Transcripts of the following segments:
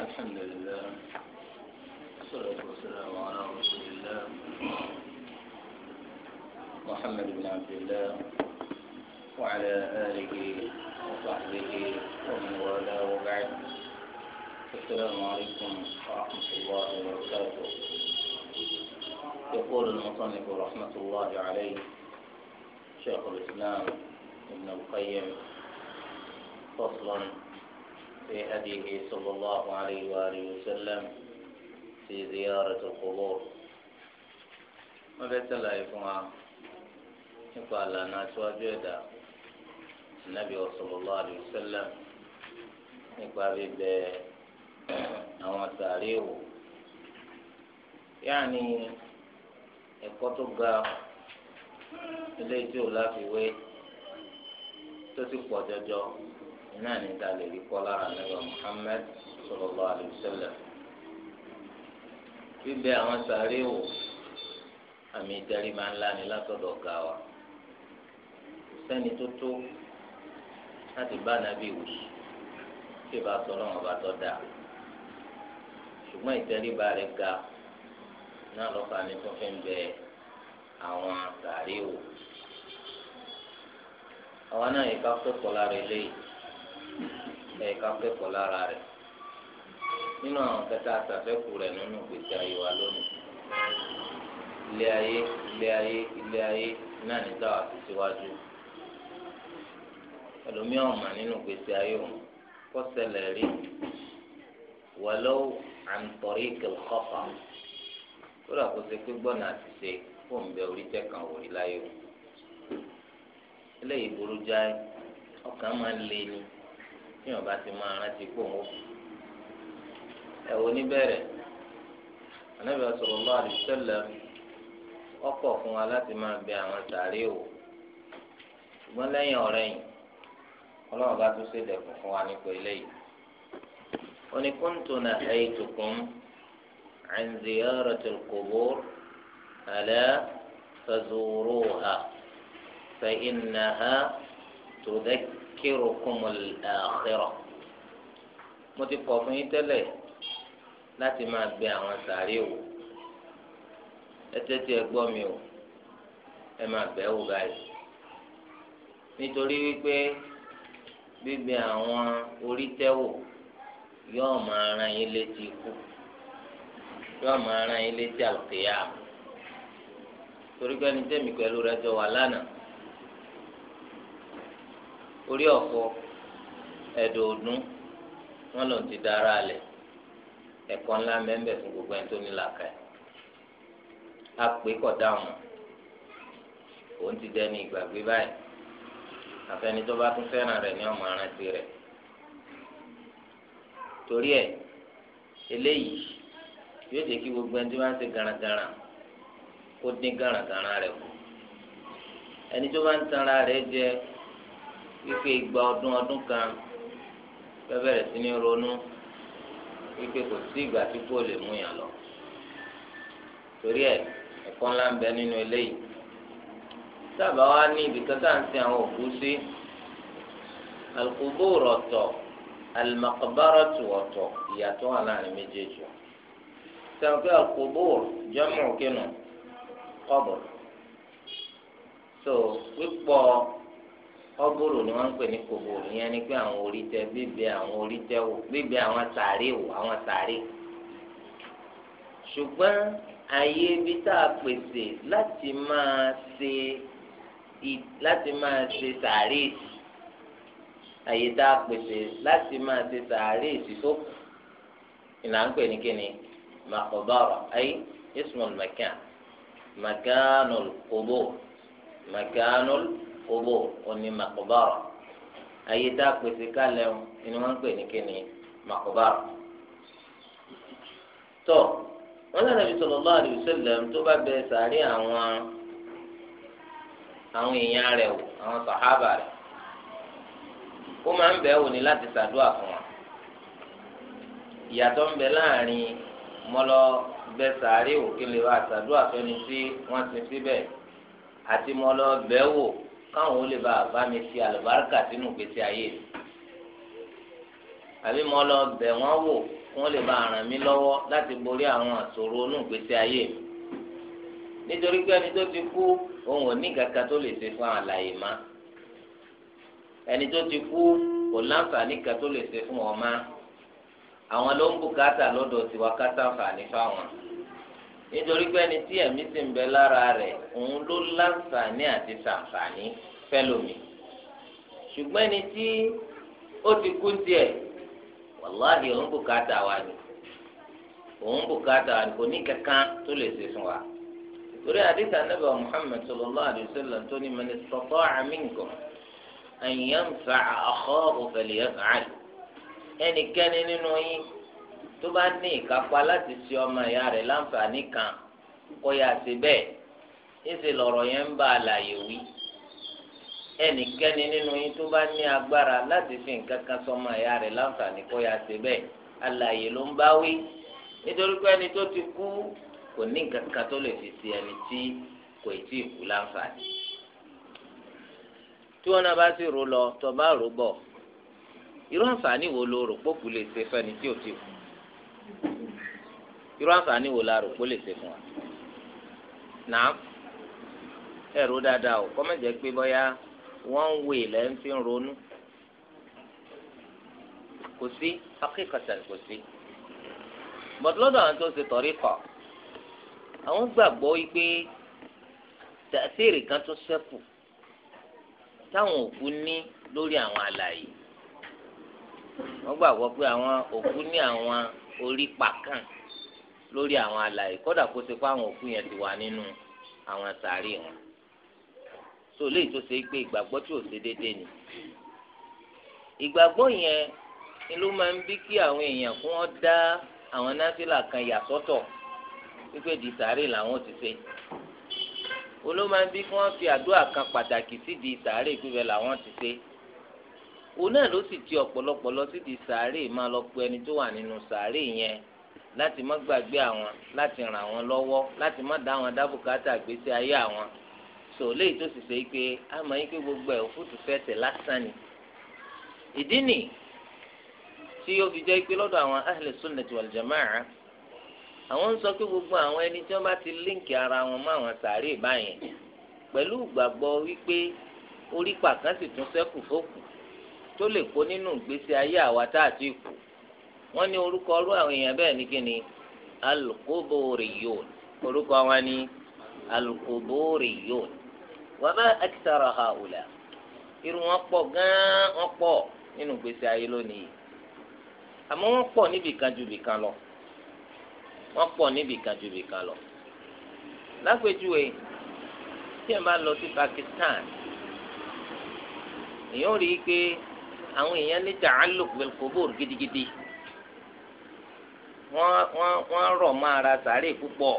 الحمد لله والصلاة والسلام على رسول الله محمد بن عبد الله وعلى آله وصحبه ومن والاه وبعد السلام عليكم ورحمة الله وبركاته يقول المصنف رحمة الله عليه شيخ الإسلام ابن القيم فصلا في هديه صلى الله عليه وآله وسلم في زيارة القبور وبيت الله يفهم يقال لنا سواجدا النبي صلى الله عليه وسلم يقال àwọn sàárè wò yáàni ẹ̀kọ́ tó ga ilé وي ò láfiwé iná ní ta lè rí kọ́ lára nígbà Muhammad sallallahu alaihi wasallam bíbẹ àwọn sàárè wò àmì ìdarí máa ń láni látọ̀dọ̀ ga wa sẹ́ni tó tó láti bá nàbí wò tí ìbá sọ náà ọba tó dáa ṣùgbọ́n ìtẹríba rẹ̀ ga náà lọ́ka ni tó fi ń bẹ àwọn sàárè wò àwọn náà yìí ká kó kọ́ lára eléyìí ẹ̀ka kẹ́kọ̀ọ́ lára rẹ̀ nínú àwọn kẹta àtàfẹ́kù rẹ̀ nínú gbèsè ayé wa lónìí ilé ayé ilé ayé ilé ayé náà ní táwa fi síwájú ẹlòmíràn mà nínú gbèsè ayé òun kọ́ ṣẹlẹ̀ rí wàlọ́wọ́ àǹtọ̀rí kẹlẹ́kọ́fà kódà kó ṣe pé gbọ́nà àtìṣe fóun bẹ orí tẹ́ kan wò láyé o eléyìí burú jáì ọkàn máa ń lé ní tí wọn bá ti máa rántí pò ń wò ẹ wò níbẹ̀rẹ̀ Ànábì sallallahu alaihi wasallam ọ̀pọ̀ fún wa láti máa bẹ àwọn sàárè wò ṣùgbọ́n lẹ́yìn ọ̀rẹ́ yìí Ọlọ́run bá tún ṣe dẹ̀kùn fún wa nípa eléyìí ó kuntu nahaytukum an ziyaratil qubur ala fazuruha fa innaha tudhakkiru yudhkirukumul akhirah mo ti kọ̀ fún yín tẹ́lẹ̀ láti máa gbé àwọn sàárè wò ẹ tẹ́tí ẹ gbọ́ mi o ẹ máa bẹ̀ wò báyìí nítorí wípé gbígbé àwọn orí tẹ́wò yóò máa ran yín létí ikú yóò máa ran yín létí àlùkìyà torí pé ẹni tẹ́mi pẹ̀lú rẹ jọ wà lánàá orí ọ̀fọ̀ ẹ̀dọ̀ ọdún wọn lòun ti dára alẹ̀ ẹ̀kọ́ ńlá mẹ́mbẹ̀ fún gbogbo ẹni tó ní làákà ẹ̀ àpè kọ̀ dáhùn òun ti dẹni ìgbàgbé báyìí àfẹni tó bá tún fẹ́ràn rẹ̀ ní ọmọ arántí rẹ̀ torí ẹ̀ eléyìí yóò jẹ́ kí gbogbo ẹni tó bá ń ṣe garagara kó dín garagara rẹ̀ kù ẹni tó bá ń tanra rẹ̀ jẹ́ wípé ìgbà ọdún ọdún kan bẹ̀rẹ̀ sí ní ronú wípé kò sí ìgbà tí kò lè mú yàn lọ torí ẹ ẹ̀kọ́ ńlá ń bẹ nínú eléyìí sábà wá ní ibìkan tá à ń sin àwọn òkú sí al-qubur ọ̀tọ̀ al-maqbaratu ọ̀tọ̀ wà láàrin méjèèjì sànkẹ al-qubur kínú qabr so wípọ kọbúrò ni wọn ń pè ní kòkò ìyẹn ni pé àwọn orí tẹ bíbẹ àwọn orí tẹ wò bíbẹ àwọn sàárè wò àwọn sàárè ṣùgbọ́n àyè ibi tá a pèsè láti máa ṣe láti máa ṣe sàárè àyè tá a pèsè láti máa ṣe sàárè sísọ ìlà ń pè ní kíni maqbara ayé ismul makan makanul qubur makanul kóbó òní màkòbárò ayé tá a pèsè kálẹ̀ ń ni wọ́n ń pè ní kíni màkòbárò. tó wọn lọ́nà bí sallallahu alaihi wasallam tó bá bẹ sàárè àwọn àwọn èèyàn rẹ̀ wò àwọn sàhábà rẹ̀ ó máa ń bẹ̀ wò ní láti ṣàdúrà fún wa ìyàtọ̀ ń bẹ láàrin mọ́lọ́ bẹ sàárè òkèlè wa ṣàdúrà fẹ́ni tí wọ́n ti síbẹ̀ àti mọ́lọ́ bẹ̀ wò káwọn ó lè bá bá mi ṣe àlùbáríkà sínú ìgbésí ayé mi àbí mo lọ bẹ̀ wọ́n wò wọ́n lè bá ràn mí lọ́wọ́ láti borí àwọn àṣòro inú ìgbésí ayé mi nítorí pé ẹni tó ti kú òun ò ní kankan tó lè ṣe fún àlàyé má ẹni tó ti kú kò láǹfààní kan tó lè ṣe fún ọ má àwọn ló ń bùkátà lọ́dọ̀ tiwa ká sáǹfààní fáwọn nítorí pé ẹni tí ẹ̀mí sì ń bẹ lára rẹ̀ òun ló láǹfààní àti sàǹfààní fẹ́lómi ṣùgbọ́n ẹni tí ó ti kú tiẹ̀ wàláhì òun bùkátà wa ni òun bùkátà wa ni kò ní kankan tó lè ṣe fún wa torí àdìsá nàbẹ Muhammad sallallahu alayhi wa tó ní man istata'a minkum an yanfa'a akhahu falyaf'al ẹnikẹ́ni nínú yín tó bá ní ìkápá láti ṣe ọmọ ìyá rẹ̀ láǹfààní kan kó yá ṣe bẹ́ẹ̀ níṣẹ́ lọ̀rọ̀ yẹn ń bá àlàyé wí ẹnikẹ́ni nínú yín tó bá ní agbára láti fi nǹkan kan sọmọ ìyá rẹ̀ láǹfààní kó yá ṣe bẹ́ẹ̀ àlàyé ló ń bá wí nítorí pé ẹni tó ti kú kò ní nǹkan kan tó lè fi ṣe ẹni tí kò tí ì kú láǹfààní tí wọn náà bá sì rò lọ tó bá rò bọ̀ irú àǹfààní wo lo rò pé kò lè ṣe fẹ́ni tí ò ti kú irú àǹfààní wo la rò pé lè ṣe fún wa náà ẹ̀rọ dáadáa o kọ́ mẹ́jẹ̀ pé bọ́yá wọ́n wè lẹ́ ń fi ronú kò sí akẹ́kọ̀ọ́sẹ̀ kò sí bọ́dúlọ́dọ̀ àwọn tó ṣe tọ̀rí kọ̀ àwọn gbàgbọ́ wípé tàṣírí kan tó ṣẹ́kù táwọn òkú ní lórí àwọn àlàyé wọ́n gbàgbọ́ pé àwọn òkú ní àwọn orí pàkàn lórí àwọn alàyè kódà kó ṣe pé àwọn òkú yẹn ti wà nínú àwọn sàárì wọn tó léyìí tó ṣe pé ìgbàgbọ́ tí ò ṣe déédéé ni ìgbàgbọ́ yẹn ni ló máa ń bí kí àwọn èèyàn kí wọ́n dá àwọn náfìlà kan yà sọ́tọ̀ wípé di sàárì làwọn ti ṣe olóò máa ń bí kí wọ́n fi àdúrà kan pàtàkì sí sàárì pípẹ́ làwọn ti ṣe òun náà ló sì ti ọ̀pọ̀lọpọ̀ lọ sídìí sàárè máa lọ pe ẹni tó wà nínú sàárè yẹn láti má gbàgbé àwọn láti ràn àwọn lọ́wọ́ láti má dá àwọn dábùkátà gbèsè ayé àwọn so léyìí tó sì ṣe é pé a máa ń pé gbogbo ẹ̀ òfútù fẹsẹ̀ lásán ni ìdí nì tí yóò fi jẹ́ pé lọ́dọ̀ àwọn ahlẹ̀ sunnati wal jamaa àwọn ń sọ pé gbogbo àwọn ẹni tí wọ́n bá ti líǹkì ara wọn mọ́ àwọn sàárè báyẹn pẹ̀lú ìgbàgbọ́ wípé orí pàkán sì tún sẹ́kù fókù tó lè kó nínú ìgbésí ayé àwa tá a ti kù wọ́n ní orúkọ ọlú àwọn èèyàn bẹ́ẹ̀ ní kíni orúkọ wọn ni alukoboriyon wọ́n bá akitara ha òlà irun wọn gan-an wọn pọ̀ nínú ìgbésí ayé lónìí àmọ́ wọ́n níbi kan ju lọ níbi Pakistan èèyàn rí i pé àwọn èèyàn ní ta'alluq bil qubur gidigidi wọ́n wọ́n wọ́n rọ̀ mọ́ ara sàárè púpọ̀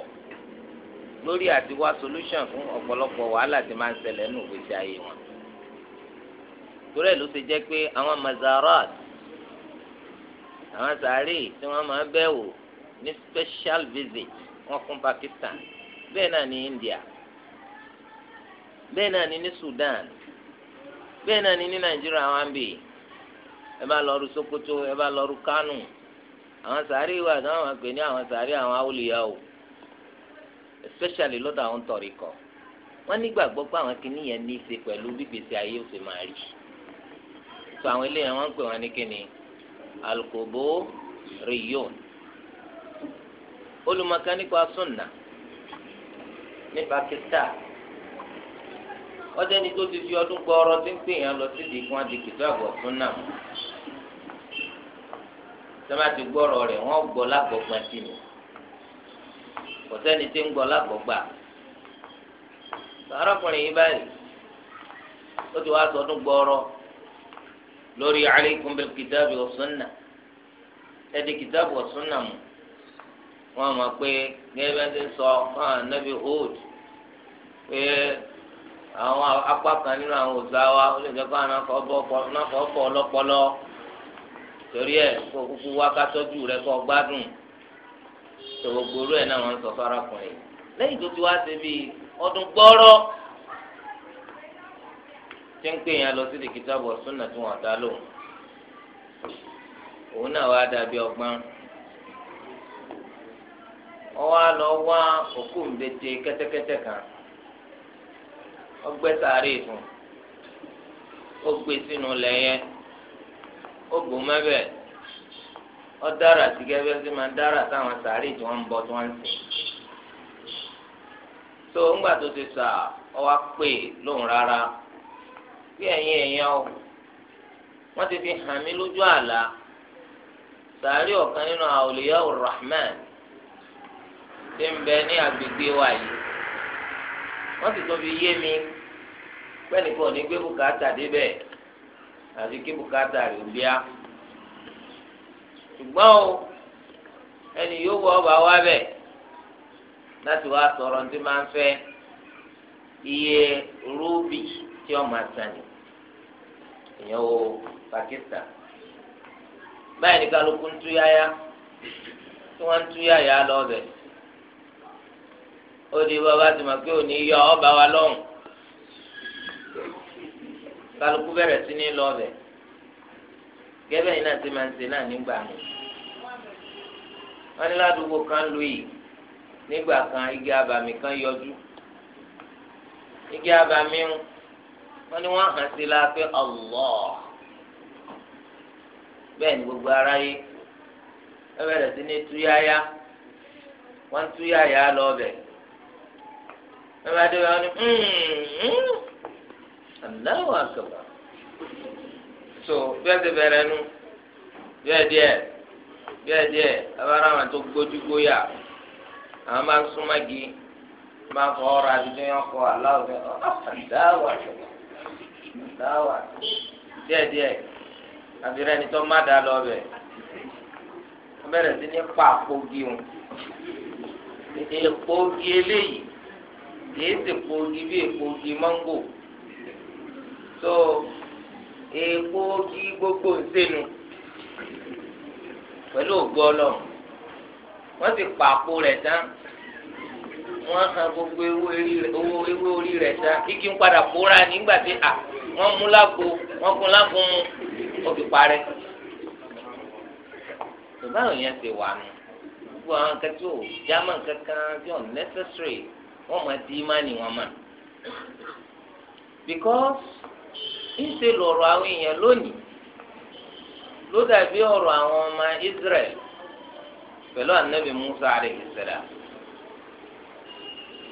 lórí àti wá solution fún ọ̀pọ̀lọpọ̀ wàhálà tí máa ń ṣẹlẹ̀ nù gbèsè ayé wọn. torí ẹ̀ ló ti jẹ́ pé àwọn mazarat àwọn sàárè tí wọ́n máa bẹ̀ wò ní special visit wọ́n kún Pakistan bẹ́ẹ̀ náà ní India bẹ́ẹ̀ náà ní ní Sudan bẹ́ẹ̀ náà ní ní Nàìjíríà wọn bèè ẹ bá lọ rú Sokoto ẹ bá lọ rú Kánò àwọn sàárì wà tí wọ́n máa pè ní àwọn sàárì àwọn awòlíyà o especially lọ́dọ̀ àwọn tọ̀rì kọ̀ wọ́n nígbàgbọ́ pé àwọn kìíní yẹn ní í ṣe pẹ̀lú gbígbèsè ayé ó ṣe máa rí so àwọn eléyàn wọ́n ń pè wọ́n ní kíni alkobo riyon olùmọ̀kan sunna ní Pakistan. ọjọ́ ẹni tó ti fi ọdún gbọ́ ọ̀rọ̀ tí ń pè yàn lọ sí ìdìkún adìkìtọ́ àgbọ̀ fún náà sọ́mà ti gbọ́ ọ̀rọ̀ rẹ̀ wọ́n gbọ́ lágbọ̀gbà sí ni kò sẹ́ni tí ń gbọ́ lágbọ̀gbà arákùnrin yìí báyìí ó ti wá sọdún gbọ́ ọ̀rọ̀ lórí alaykum bil kitabi wa sunna ẹ̀dí kìtàbù wa sunna mu wọ́n mọ̀ pé gẹ́gẹ́ bí wọ́n ti sọ fún anabi hood pé. àwọn apá kan nínú àwọn òṣà wa ó lè jẹ́ pé àwọn afọ́fọ́ ọlọ́pọlọ torí ẹ̀ kó kúkú wá ká tọ́jú rẹ kó gbádùn tó gbogbo orú ẹ̀ náà wọ́n ń sọ fárakùnrin lẹ́yìn tó ti wá ṣe bíi ọdún gbọ́rọ́ tí ń pè yẹn lọ sí ìdìkítà bọ̀ súnà tí wọ́n dá lóhùn òun náà wá dàbí ọgbọ́n ọ wá lọ wá òkú ńbẹ́tẹ kẹ́tẹ́kẹ́tẹ́ kan. Ọ sàárè fún ó gbé sínú lẹ́yẹ ó gbó O ó dára sí dára sáwọn tí ń tí ń sìn. ti sà ọ wá pè lóhùn rárá bí ẹ̀yin ẹ̀yàn o wọ́n ti fi hàn mí lójú àlá sàárè ọ̀kan nínú agbègbè wa yìí ti tó yé mi pẹ́ẹ́nìkan ò ní gbé bùkátà débẹ̀ àti kí bùkátà rẹ̀ bíá ṣùgbọ́n o ẹni yóò wọ ọba wá bẹ̀ láti wá tọrọ ní ti máa ń fẹ́ iye rúbì tí ọmọ àtàní ya wo Pakistan báyìí ní kálukú ń túyáyá tí wọ́n di bàbá tí mà pé yọ ọba wa lọ́hùn. kálukú bẹ̀rẹ̀ sí ní lọ bẹ̀ gẹ́gẹ́ yìí náà ti máa ń ṣe náà nígbà mi wọ́n ní ládùúgbò kan lu yìí nígbà kan igi abàmì kan yọjú igi abàmì ń wọ́n ní hàn sí la pé Allah bẹ́ẹ̀ ni gbogbo aráyé wọ́n bẹ̀rẹ̀ sí ní túyáyá wọ́n túyáyá lọ bẹ̀ wọ́n bá dé wọ́n ní. Hmm, hmm aláwọ àkàbà so bẹ́ẹ̀ ti bẹ̀rẹ̀ nu bẹ́ẹ̀ díẹ̀ bẹ́ẹ̀ díẹ̀ abára àwọn tó gbójúgbóyà àwọn máa ń súnmági máa ń fọwọ́ ra àdúgbò yẹn kọ aláwọ fẹ́ ọ aláwọ àkàbà aláwọ àkàbà díẹ̀ díẹ̀ àbírẹ́ ni tó má dá lọ bẹ̀ wọ́n bẹ̀rẹ̀ sí ní pa àpògì wọn èpògì eléyìí kìí ṣèpògì bí èpògì mọ́ngò so èèpo kí gbogbo ńsẹnu pẹ̀lú ògbó Ọlọ́run wọ́n ti pààpò rẹ̀ tán wọ́n hàn gbogbo owó ewé orí rẹ̀ tán kíkí ń padà pòórá nígbà tí à wọ́n mú lágbo wọ́n kún lágùn mu ó fi parẹ́ báwo yẹn ti wà nù gbogbo àwọn kan tí ò jámà kankan tí ò necessary wọ́n máa di imáni wọn mọ̀ because ìṣe lọ̀rọ̀ àwọn èèyàn lónìí ló dàbí ọ̀rọ̀ àwọn ọmọ Israẹli pẹ̀lú anabi Musa alayhi salam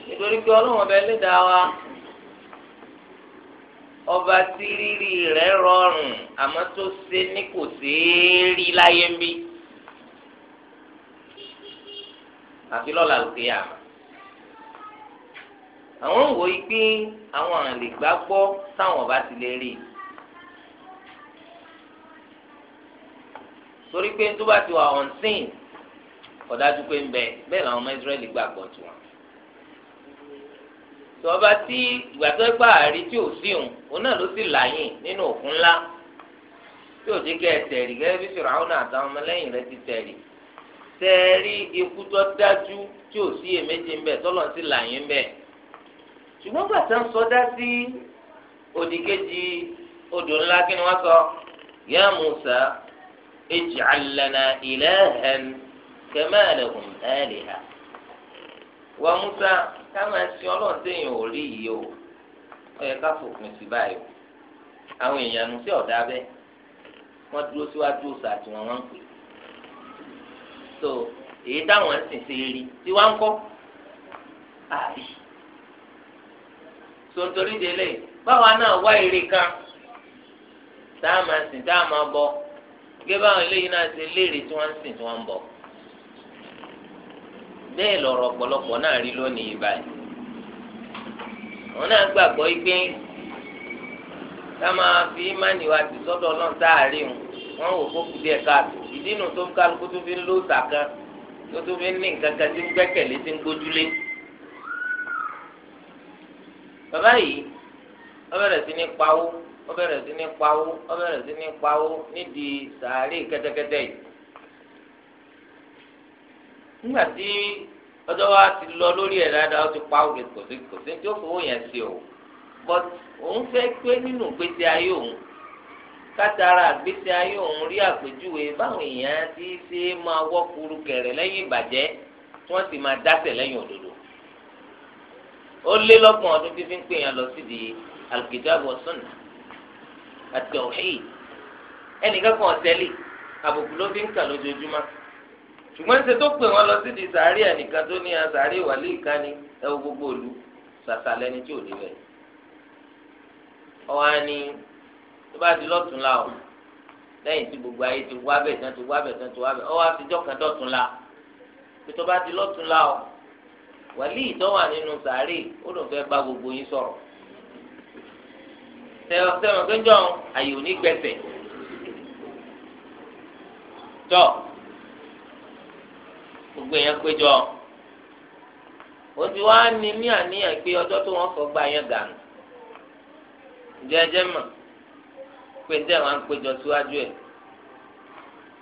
nítorí pé ọlọ́wọ́n bẹ lẹ́dàá wa ọba tí rírì rẹ̀ rọrùn àmọ́ tó ṣe ní kò ṣeé rí láyé ń bí àfi lọ́la òkè àwọn ń wò ó pé àwọn àlè gbá gbọ́ táwọn bá ti lè rí i. torí pé tó bá ti wà on sin ọ̀dájú pé ń bẹ bẹ́ẹ̀ làwọn ọmọ Israẹli gbàgbọ́ tiwọn. tọ́ba tí ìgbà tó gbà rí tí ò sí òun òun náà ló sì láyìn nínú òkun ńlá tí ò ti kẹ́ ẹ tẹ̀rí gẹ́gẹ́ bí Fìràwọ́n àtàwọn ọmọlẹ́yìn rẹ̀ ti tẹ̀rí tẹ̀rí ikú tó dájú tí ò sí èméjì ń bẹ tọ́lọ́ sí láyìn ń bẹ́ẹ̀ ṣùgbọ́n gbàtà ń sọdá sí òdìkejì odò ńlá kí ni wọ́n sọ yá Musa ij'al lana ilahan kama lahum aliha wọ́n Musa káwọn ẹ̀sìn ọlọ́run téèyàn ò rí yìí o ó yẹ ká fòpin sí báyìí o àwọn èèyàn nù sí ọ̀dà bẹ́ẹ̀ wọ́n dúró síwájú òòsà tí wọ́n wọ́n ń pè so èyí táwọn ẹ̀sìn ṣe rí tí wọ́n ń kọ́ àbí sọ̀tòrí délé báwa náà wá èrè kan tá a máa sìn tá a máa bọ gẹ́gẹ́ báwọn eléyìí náà ṣe léèrè tí wọ́n ń sìn tí wọ́n ń bọ̀ bẹ́ẹ̀ lọ̀rọ̀ ọ̀pọ̀lọpọ̀ náà rí lónìí báyìí wọn náà gbàgbọ́ pé ká máa fi ìmánì wa ti sọ́dọ̀ náà sáàárín wọn wò fókù díẹ̀ káàtó ìdí inú tó ń kálukú tó fi ń lóòótà kan tó tó fi ń ní nǹkan kan tí ń gbẹ́kẹ̀lé tí ń gbójúlé bàbá yìí ó bẹ̀rẹ̀ sí ní pawó ó bẹ̀rẹ̀ sí ní pawó ó bẹ̀rẹ̀ sí ní pawó nídìí sàárè kẹ́tẹ́kẹ́tẹ́ yìí nígbà tí ọjọ́ wa ti lọ lórí ẹ̀ dáadáa ó ti pawó kò sí kò sí tí ó fowó yẹn sí o but òun fẹ́ pé nínú ìgbésí ayé òun kátàrà àgbésí ayé òun rí àpèjúwe báwọn èèyàn ti ṣe máa wọ́ kuru kẹ̀rẹ̀ lẹ́yìn ìbàjẹ́ tí wọ́n sì máa dásẹ̀ lẹ́yìn òdodo ó lé lọ́gbọ̀n ọdún tí fi ń pè yàn lọ sí di al-kitab wa sunnah àti tawhid ẹnìkan kan ọ̀tẹ́lẹ̀ àbùkù ló fi ń kà lójoojúmọ́ ṣùgbọ́n ṣe tó pè wọ́n lọ sí di sàárì ẹnìkan tó ní sàárì wàlíì ìkànnì ẹwọ gbogbo òlu sàṣà lẹni tí ò lè bẹ̀. ọwọ́ á ní tó bá di lọ́tún la o lẹ́yìn tí gbogbo ayé ti wá bẹ̀ tán ti wá bẹ̀ tán ti wá bẹ̀ ọwọ́ àtijọ́ kan dọ̀tún la tó bá di wàlí ìdánwà nínú sàárè ó lòun fẹ́ bá gbogbo yín sọ̀rọ̀ sẹ́wọ̀n kéjọ́ àyè òní gbẹ̀sẹ̀ tọ́ gbogbo yẹn péjọ ó ti wá ní ní àníyàn pé ọjọ́ tó wọ́n fọ́ gba yẹn dànù jẹ́jẹ́ mọ̀ pé ń tẹ̀wọ́n á péjọ síwájú ẹ̀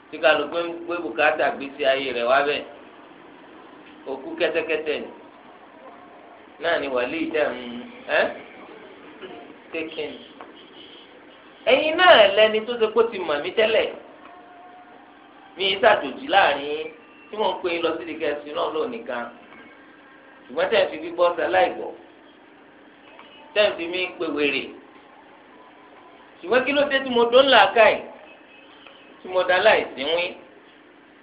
tí kálukú ń gbé bùkátà gbèsè ayé rẹ̀ wá bẹ́ẹ̀ òkú kẹ́tẹ́kẹ́tẹ́ ni náà ni wàlí ìdẹ́mu ẹ́ kékin ẹ̀yin náà lẹni tó ṣe kó ti mọ̀ mí tẹ́lẹ̀ mi ṣàjòjì láàrin tí wọ́n ń pè é lọ sí ìdíkẹ́sì náà lónìí kan ṣùgbọ́n tẹ̀ ń fi gbígbọ́ ṣaláìgbọ́ tẹ̀ ń fi mí pè wèrè ṣùgbọ́n kí ló dé tí mo dó ńlá káì tí mo dá láìsínwín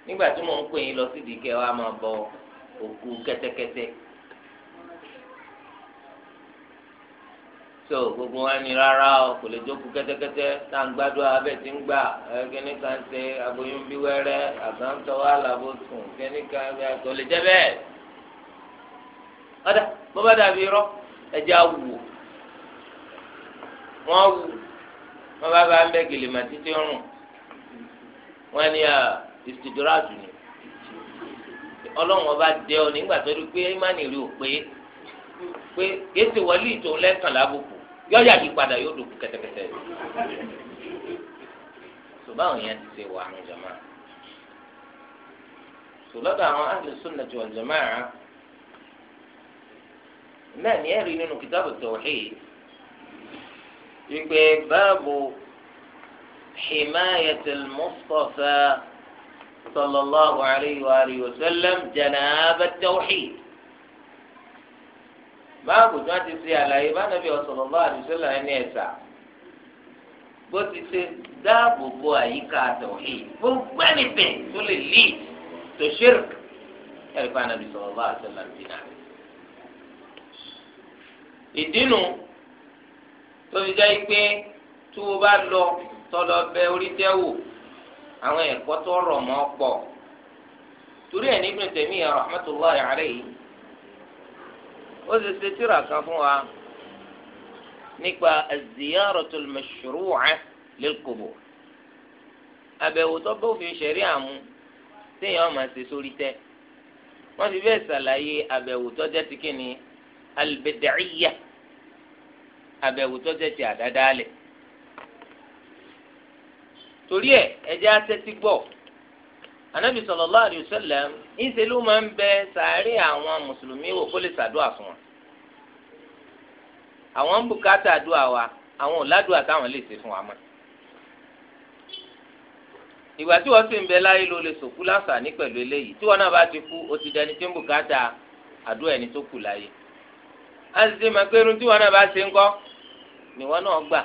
nígbà tí mo ń pè yín lọ sí ìdíkẹ́ wa máa bọ òkú kẹ́tẹ́kẹ́tẹ́. so gbogbo wa ni rárá o kò lè jókòó kẹ́tẹ́kẹ́tẹ́ tá à ń gbádùn abẹ́ tí ń gbà kíní kan ṣe aboyún bí wẹ́rẹ́ àgbáńtọ́ wa làbó sùn kíní kan kò lè jẹ́ bẹ́ẹ̀. ọ̀dà bó bá dàbí irọ́ ẹja wù wọ́n wù wọ́n bá bá ń bẹ́ gèlèmà títí rùn wọ́n ní ìsìdúràjù ni ọlọ́run ọba dẹ ọ nígbà tó rí pé ìmánì rí o pé pé kéésì wọlé ìtò lẹ́kàn lábùkù yọ̀ọ́ yàgì padà yóò dùkú kẹ́tẹ́kẹ́tẹ́ ṣùgbọ́n yẹn ti ṣe wà ní jama ṣùlọ́dọ̀ àwọn ahlu wọ́n jama jamaa náà ní ẹ̀rí nínú kitabu tawhid ìgbẹ́ báàbò himayatul mustafa sallallahu alayhi wa alihi wa sallam janaaba tawhid. báàbù tí wọ́n ti ṣe àlàyé bánàbí sallallahu alaihi wasallam ẹni ẹ̀sà bó ti ṣe dáàbò bo àyíká tauhid gbogbo ẹnìbẹ̀ tó lè lì tó shirk ẹ̀rí bánàbí sallallahu alaihi wasallam dínà. ìdínú tó fi jẹ́ pé tó o bá lọ tọ́lọ bẹ orí tẹ́wò àwọn ẹ̀kọ́ tó rọ̀ mọ́ pọ̀ torí ẹ̀ nígbà tẹ̀mí rahmatullahi alayhi ó sì ṣe tírà kan fún wa nípa az-ziyaratul mashru'a lil-qubur àbẹ̀wò tó bófin ṣẹ̀rí àmú téèyàn máa ṣe sórí tẹ́ wọ́n ti bẹ́ẹ̀ ṣàlàyé àbẹ̀wò tó jẹ́ ti kíni albid'iyya àbẹ̀wò tó jẹ́ ti àdádálẹ̀ torí ẹ̀ ẹ jẹ́ á gbọ́ anabi sallallahu alayhi wa sallam ńṣe ló máa ń bẹ sàárẹ̀ àwọn mùsùlùmí wò kó lè ṣàdúà fún wọn àwọn ń bùkátà àdúà wa àwọn ò ládùúà táwọn lè ṣe fún wa mọ́ ìgbà tí wọ́n sì ń bẹ láyé ló lè sòkú láǹfààní pẹ̀lú eléyìí tí wọ́n náà bá ti kú ó ti dẹni tí ń bùkátà àdúrà ẹni tó kù láyé. a sì ṣe màgbẹ́rún tí wọ́n náà bá ṣe ń kọ́ ni wọ́n náà gbà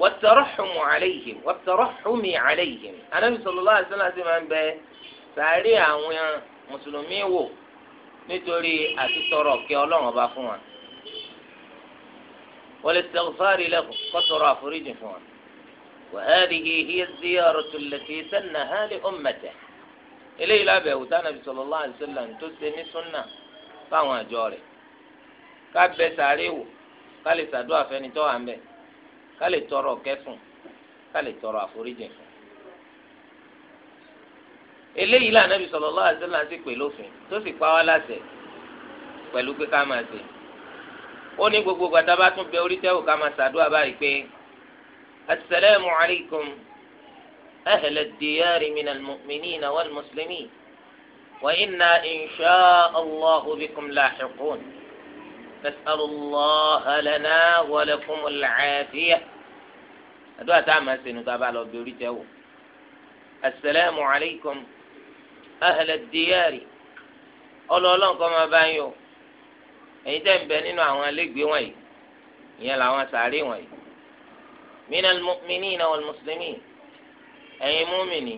wàtàrọ̀hùmù àlẹ́yìn wàtàrọ̀hùmì àlẹ́yìn anábì sallallahu alaihi wasallam máa ń bẹ sàárè àwọn mùsùlùmí wò nítorí àtútọrọ kẹ ọlọ́run ọba fún wa wọlé sẹ́wọ́sárì lẹ́kùn kọ́tọrọ àforíjì fún wa wàhálìhì hiya ziyaratu allati sannaha li ummatihi eléyìí lábẹ́ òtá nàbì sallallahu alaihi tó ṣe ní súnà fáwọn àjọ rẹ̀ ká bẹ sàárè wò ká lè sàdúrà fẹ́ni tó wà ń bẹ́ẹ̀ ká lè tọrọ kẹfùn ká lè tọrọ àforíjì fún eléyìí lànà bí sọlọ lọ́wọ́ àti láti pè lófin tó sì pa wá láṣẹ pẹ̀lú pé ká máa ṣe ó ní gbogbo gbàtà bá tún bẹ orí tẹ́wò ká máa ṣàdúrà báyìí pé asalaamu alaykum ahla diyaari min almu'minina wal muslimin wa inna insha allahu bikum laaxiqun. نسأل الله لنا ولكم العافية أدعى تعمل سنتابع لو بيوريته السلام عليكم أهل الديار ọlọ́ọ̀lọ́n kọ́ máa bá ń yọ ẹ̀yin tẹ́ ń bẹ nínú àwọn ẹlẹ́gbẹ̀ẹ́ wọ̀nyí ìyẹn làwọn sàárè wọ̀nyí minal mu'minina wal muslimin ẹ̀yin múmìnì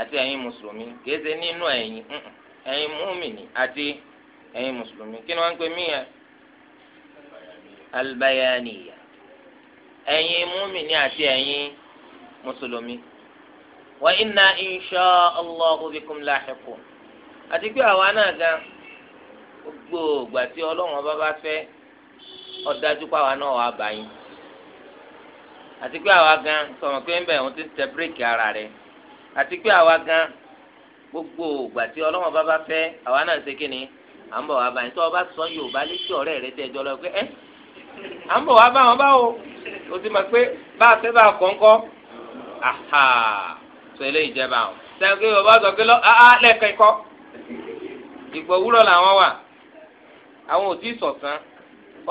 àti ẹ̀yin mùsùlùmí kìí ṣe nínú ẹ̀yin ẹ̀yin múmìnì àti ẹ̀yin mùsùlùmí kí ni wọ́n ń pè míyà albayaniya ẹ̀yin múmini àti ẹ̀yin mùsùlùmí wa inna insha allahu bikum lahiqun àti pé àwa náà gan gbogbo ìgbà tí ọlọ́run ọba bá fẹ́ ó dájú pé àwa náà wà bá yín àti pé àwa gan sọ̀rọ̀ pé ń bẹ̀ wọ́n ti tẹ bírèkì ara rẹ̀ àti pé àwa gan gbogbo ìgbà tí ọlọ́run ọba bá fẹ́ àwa náà ṣe kí ni à ń bọ̀ wá báyìí tó o bá sọ yorùbá létí ọ̀rẹ́ rẹ dẹjọ́ lọ pé ẹ́ à ń bọ̀ wá bá báwo o ti mọ̀ pé bá a fẹ́ bá a kọ́ ńkọ́ aha sọ eléyìí jẹba o sẹ́yìn pé yorùbá sọ pé lọ aa lẹ́ẹ̀kẹ́ kọ́ ìgbò wúrọ̀ làwọn wà àwọn ò tí ì sọ̀tàn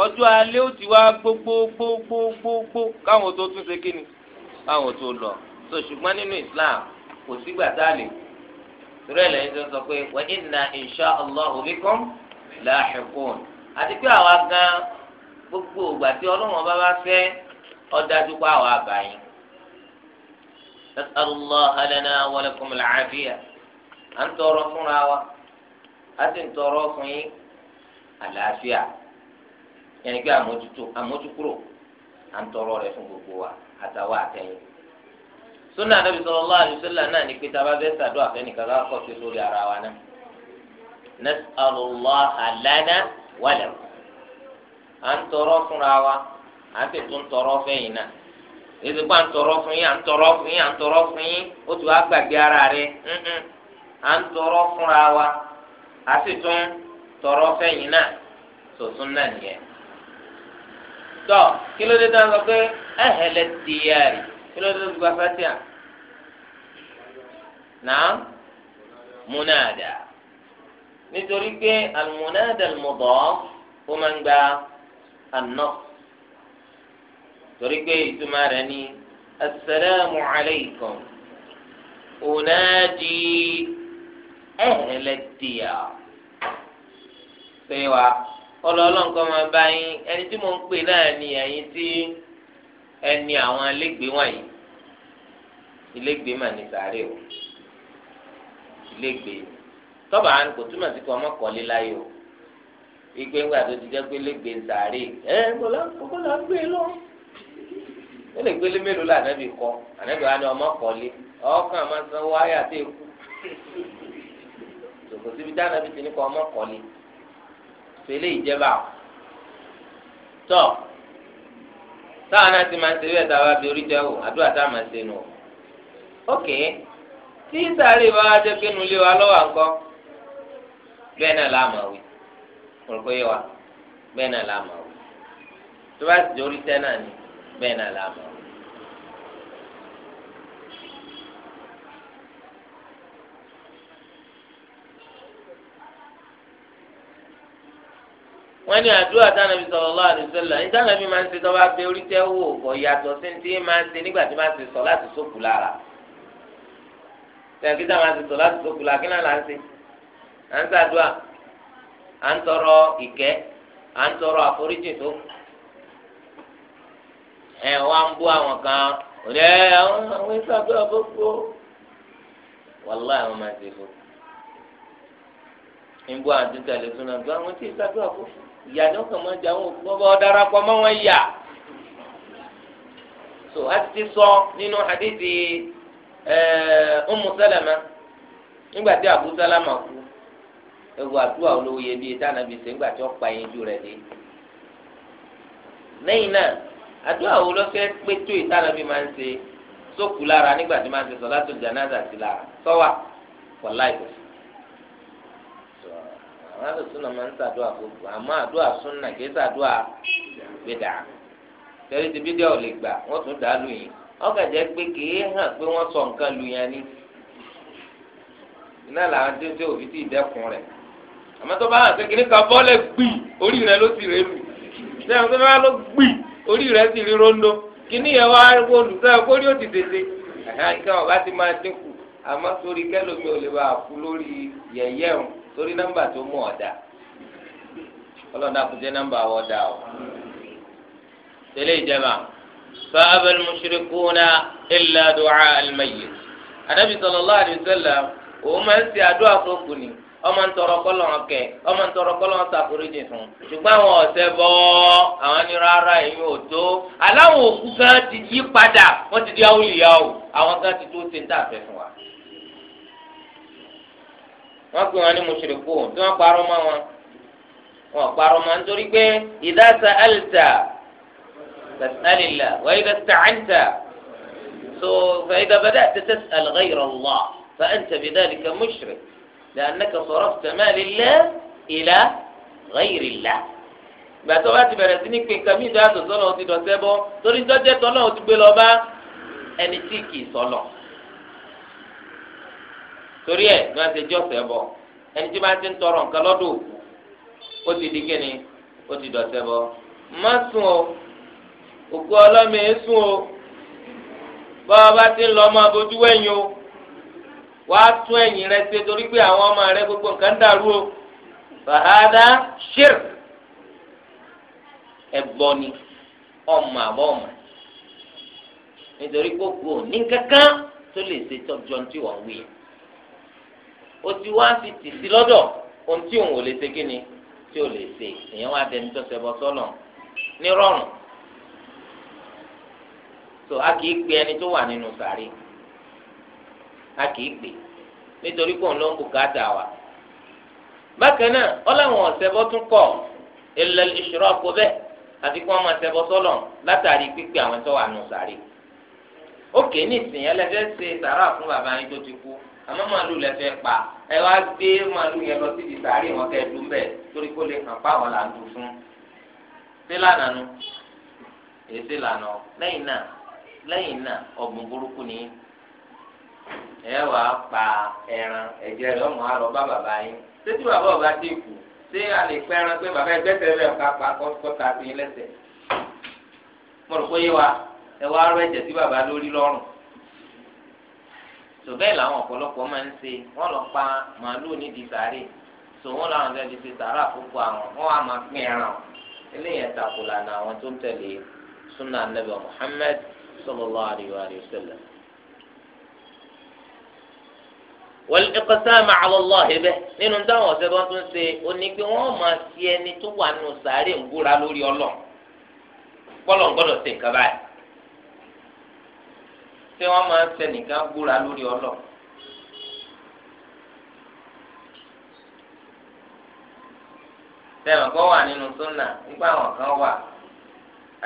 ọjọ́ alẹ́ ó ti wá gbogbogbogbogbò káwọn tó tún ṣe kíni káwọn tó lọ so ṣùgbọ́n nínú Islam kò sígbà tá a lè kú torí ẹ̀ lẹ́yìn tó sọ pé wa inna insha Allahu bikum a àti pé àwa gan gbogbo ìgbà tí ọlọ́wọ́n bá bá fẹ́ ọ̀dájú pa àwa àbáyìn. نسأل الله لنا ولكم العافية أن تورثنا و أن تورثني العافية يعني كي أموتكرو gbogbo wa àtàwọn sunna anabi sallallahu alayhi wa sallam náà ní pé tá a bá fẹ́ ṣàdúrà fẹ́nìkan ká kọ́ sí lórí ara wa náà nas'alullaha lana wa lakum à ń tọrọ fúnra wa à ń tètè ń tọrọ fẹ́yìn náà èsì pa ń tọrọ fún yín à ń tọrọ fún yín à ń tọrọ fún yín ó ti wá gbàgbé ara rẹ à ń tọrọ fúnra wa à sì tún tọrọ fẹ́yìn náà sọ̀tún náà nìyẹn. tọ́ kí ló dé dáná sọ pé ẹ̀hẹ́lẹ́ ti kí ló dé gba fatia náà múnáàdà nítorí pé àlùmúnáàdà àlùmọ̀bọ̀ ó máa ń gba àná torí pé ìtumọ̀ rẹ̀ ni asalaamu alaykum unaadi ẹ̀hẹ́lẹ́dìyà ṣé wa ọlọ́ọ̀lọ́ nǹkan máa bá yín ẹni tí mò ń pè náà ni ẹ̀yin tí ẹni àwọn ilégbèé wọ̀nyí ilégbèé mà ní sàárè o ilégbèé tọ́ba kò túmọ̀ sí kí ọmọ kọ́lé láyé o ìgbé ńgbà tó ti jẹ́ pé ilégbèé sàárè ẹ bọ́lá kókó là ń gbé lọ ó lè gbélé mélòó là ànábì kọ ànábì wa ni ọmọ kọ́lé ọkàn máa sanwó ayé àti èkó tòkò síbi tí ànábì ti ní kọ ọmọ kọ́lé fèlè ìjẹba tọ́ táwọn náà ti máa ń ṣe bẹ́ẹ̀ tá a bá bi orí jẹ́ wò àdúrà tá a máa ṣe nù. ok tí sáré bá wá jẹ́ pé nu lé wa lọ́wọ́ àǹkọ́ bẹ́ẹ̀ náà láàmú àwí kòròkó yé wa bẹ́ẹ̀ náà láàmú àwí tó bá sì jẹ́ orí tẹ́ náà ni bẹ́ẹ̀ náà láàmú àwí. wọ́n ní àdúrà tánàbí sallallahu alaihi wasallam ní tánàbí máa ń ṣe tọ́ba pé orí tẹ́ wò bọ̀ yàtọ̀ sí ti máa ń ṣe nígbà tí máa ń ṣe sọ láti sókù lára tẹ̀kí tá máa ń ṣe sọ láti sókù lára kí náà là ń ṣe à ń ṣàdúrà à ń tọrọ ìkẹ́ à ń tọrọ àforíjì tó ẹ wá ń bú àwọn kan òní ẹ àwọn àwọn ìṣàdúrà gbogbo wàláì wọn máa ń ṣe gbogbo níbo àti tẹ̀lé súnà tó àwọn tí ìsàdúrà fún ìyàdó kan máa jẹ àwọn òkú ọba ọ̀darapọ̀ mọ́ wọn yà. so a ti sọ nínú hadithi eh, Ummu Salama nígbà tí Abu Salama kú ewu àdúrà olówó yẹ bíi tá ànábi ṣe nígbà tí ó pa ẹyin ju rẹ̀ dé. lẹ́yìn náà àdúrà wo ló fẹ́ pétó ìta ànábi máa ń ṣe sókù lára nígbà tí máa ń ṣe sọ́látù jánásà sí lára sọ́wà wàláhì kò àwọn alùsùnà máa ń sàdúà gbogbo àmọ́ àdúà súnà kì í sàdúà gbẹdà tẹ́lẹ̀ ti bídíà ò lè gbà wọ́n tún dá lu yìí ọ̀gàjẹ́ pé kì í hàn pé wọ́n sọ nǹkan lu yẹn ni iná làwọn tó tó òbí ti dẹ́kun rẹ̀ àmọ́ tó bá hàn pé kì kan bọ́ọ̀lẹ̀ gbì orí rẹ̀ ló ti rẹ̀ lù sẹ́yìn tó bá lọ gbì orí rẹ̀ sì rí rondo kì ní yẹn wá olùsọ̀rọ̀ kórí ó ti tètè ẹ̀hán kí wọ́n bá ti máa dínkù àmọ́ sórí kẹ́lómi ò lè bá a kú lórí yẹ̀yẹ́ òun. torí nọ́mbà tó mú ọ̀dà ọlọ́dà kò jẹ́ nọ́mbà ọ̀dà o tẹ́lẹ̀ ìjẹba fa abal mushrikuna illa du'a al-mayyit anabi sallallahu alayhi wa òun máa ń ṣe àdúrà ni ọmọ ń tọrọ kọlọ ọmọ ń tọrọ fún ṣùgbọ́n àwọn ọ̀sẹ̀ bọ́ àwọn ò tó aláwọ̀ òkú kan ti yí padà wọ́n ti di o àwọn kan ti tó ṣe ń wọ́n pè wọ́n ní mùsùlùkù tí wọ́n parọ́ mọ́ wọn wọ́n parọ́ mọ́ nítorí pé idha sa'alta fas'alillah wa idha ista'anta so fa idha bada'ta tas'al ghayra Allah fa anta bidhalika mushrik li'annaka sarafta ma lillah ila ghayri Allah ìgbà tó bá ti bẹ̀rẹ̀ sí ní pé nǹkan ìdá àtọ̀ sọ́nà ti dọ̀sẹ́ bọ́ torí ń tọ́jú náà ti gbé lọ bá ẹni tí kì í sọ́nà torí ẹ̀ ni wọ́n ti jọ́sẹ̀ bọ̀ ẹni tí wọ́n ti ń tọrọ nǹkan lọ́dọ̀ òkú ó ti di kíni ó ti dọ̀sẹ̀ bọ̀ má sùn o òkú ọlọ́mọ yẹn sùn o bá a bá ti ń lọ ọmọ abojú wẹ̀yìn o wà á tún ẹ̀yìn rẹ ṣe torí pé àwọn ọmọ rẹ gbogbo nǹkan dàrú o fàhádà ṣírk ẹ̀bọ ni ọmọ àbọ̀ ọmọ nítorí gbogbo ní kankan tó lè ṣe tọ́jọ́ tí wọ́n wí o ti wá fi tì sí lọ́dọ̀ ohun tí òun ò lè ṣe kíni tí ò lè ṣe èèyàn wá dẹni tó ṣẹbọ sọ́nà nírọ̀rùn so a kì í pe ẹni tó wà nínú sàárè a kì í pè nítorí pé òun ló ń bùkátà wa bákan náà ọlọ́run ọ̀sẹ̀bọ tún kọ̀ ilẹ̀ ìṣòro àpò bẹ́ẹ̀ àti kí wọ́n máa ṣẹbọ sọ́nà látàrí pípé àwọn tó wà nínú sàárè ó kéé ní ìsìn ẹlẹ́fẹ́ ṣe sàárà fún bàbá yín tó ti kú àmọ́ màálù lẹ fẹ́ pa ẹ wá gbé màálù yẹn lọ síbi sàárè wọn kẹ́ ẹ dùn bẹ́ẹ̀ torí kó lè hàn fáwọn là ń dùn fún ṣé lànà nu èsì lànà lẹ́yìn náà lẹ́yìn náà ọ̀gbìn burúkú ni ẹ wà á pa ẹran ẹ̀jẹ̀ rẹ̀ ọmọ àrọ̀ bá bàbá yín ṣé tí bàbá ọba ti kù ṣé a lè pẹ́ ẹran pé bàbá ẹgbẹ́sẹ̀ rẹ̀ ká pa kọ́ta sí lẹ́sẹ̀ mo rò pé yé wa ẹ wá rọ ẹ̀jẹ̀ sí bàbá lórí lọ́rùn sọ̀bẹ́ làwọn ọ̀pọ̀lọpọ̀ máa ń ṣe wọ́n lọ pa màálù nídìí sáré sọ wọ́n làwọn fẹ́ẹ́ fi ṣe sàrà àkókò àwọn wọ́n á máa pín ẹran eléyìí tako lànà àwọn tó ń tẹ̀lé sunna anabi Muhammad sallallahu alayhi wa sallam. wọ́n ìkọ́sáàmù àlọ́lọ́ ẹ̀bẹ̀ nínú táwọn ọ̀sẹ̀ bá tún ṣe ó ní pé wọ́n máa fi ẹni tó wà nù sáré ń búra lórí ọlọ́ ṣé wọ́n máa ń sẹ́nìkan búra lórí ọlọ. sẹ́wọ̀n kan wà nínú súnà nígbà àwọn kan wà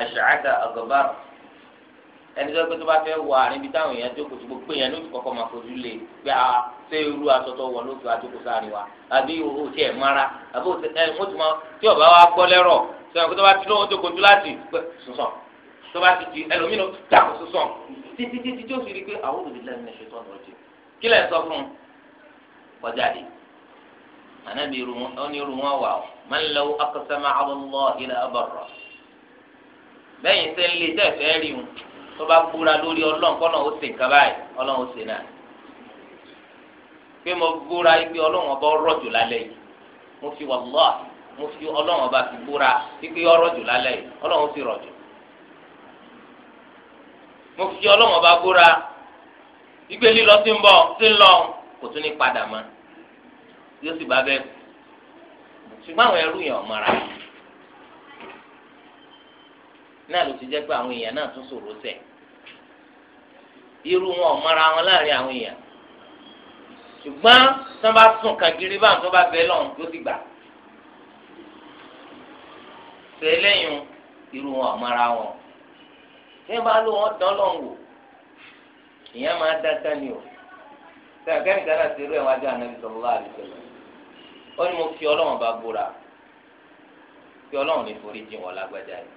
àṣàkà àgọ́bà ẹni tó pé tó bá fẹ́ wọ àárín ibi táwọn èèyàn jókòó tí gbogbo èèyàn ló ti kọ́kọ́ máa fojú lé pé a ah, ṣé irú aṣọ tó wọ ló fi àjókòó sáré wa àbí o ti ẹ̀ mara àbí o ti ẹ̀ mo ti mọ tí ọba wa gbọ́ lẹ́rọ̀ sẹ́wọ̀n pé tó bá ti lọ́wọ́ jókòó tó láti pẹ́ sùsàn tó bá ti di ẹlòmínú dàkú sùsàn títí títí tó fi rí pé àwọn olùdílé ní ṣe tọ́nu ọjọ́ kí lẹ̀ sọ fún un kọjá dé ànábi onírú wọn wà ó máa ń lọ akọsẹ́mà àbọ̀lọ́ ilẹ̀ abọ̀rọ̀ bẹ́yìn sẹ́ ń lé tẹ́fẹ́ rí wọn tó bá búra lórí ọlọ́run kọ́nà ó sì ń kaba yìí ọlọ́run ó sì náà pé mo búra ibi ọlọ́run ọba rọ̀jò lálẹ́ yìí mo fi wàlúwà mo fi ọlọ́run ọba fi búra ibi ọrọ̀jò lálẹ́ yìí ọlọ́run ó sì rọ̀jò mo fi ọlọ́wọ́n bá búra ìgbé lílọ sí ń bọ̀ sí ń lọ kò tún ní padà mọ́ yóò sì bá bẹ́ẹ̀ ṣùgbọ́n àwọn ẹrú yẹn ọ̀mọ́ra náà ló ti jẹ́ pé àwọn èèyàn náà tún ṣòro ṣẹ̀ irú wọn ọ̀mọ́ra wọn láàrin àwọn èèyàn ṣùgbọ́n tí wọ́n bá sùn kàgiri báwọn tó bá bẹ́ẹ̀ lọ́hùn yóò ti gbà ṣe irú wọn ọ̀mọ́ra wọn ní bá ló wọn dán lọ́n wò ìyẹn máa dá sani o sẹ́yìn kẹ́nìkan náà ti rú ẹ̀ wájú ànábi sallallahu alaihi wasallam ó ní mo fi ọlọ́wọ́n bá gbóra fi ọlọ́wọ́n ní forí jìn wọ́n lágbájá yìí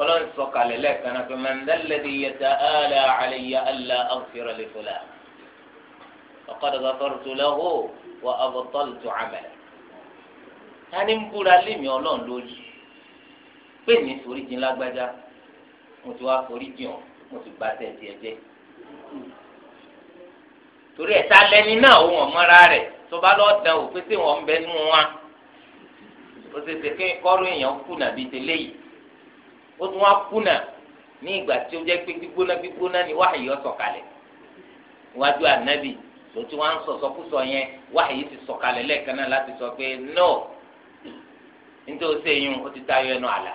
ọlọ́run sọ̀kalẹ̀ lẹ́ẹ̀kan náà pé man alladhi yata'ala alayya alla aghfira li fulan laqad ghafartu lahu wa abtaltu 'amalahu ta ni ń búra lémi ọlọ́run lórí pé mi forí jìn lágbájá mo ti wá forí ọ mo ti gba tẹ̀sí ẹ torí ẹ̀ ta lẹni náà ó wọ̀n mọ́ra rẹ̀ tó bá lọ́ọ́ dán o pé tí bẹ nú wa o ṣe ṣe kí kọ́rọ́ èèyàn kùnà bíi tẹ́lẹ̀ yìí ó tún wá kùnà ní ìgbà tí ó jẹ́ pé gbígbóná gbígbóná ni wáhàyí ọ̀sọ̀kalẹ̀ iwájú ànábì tó tí wọ́n yẹn ti sọ̀kalẹ̀ lẹ́ẹ̀kan náà láti sọ pé nítorí ó ṣe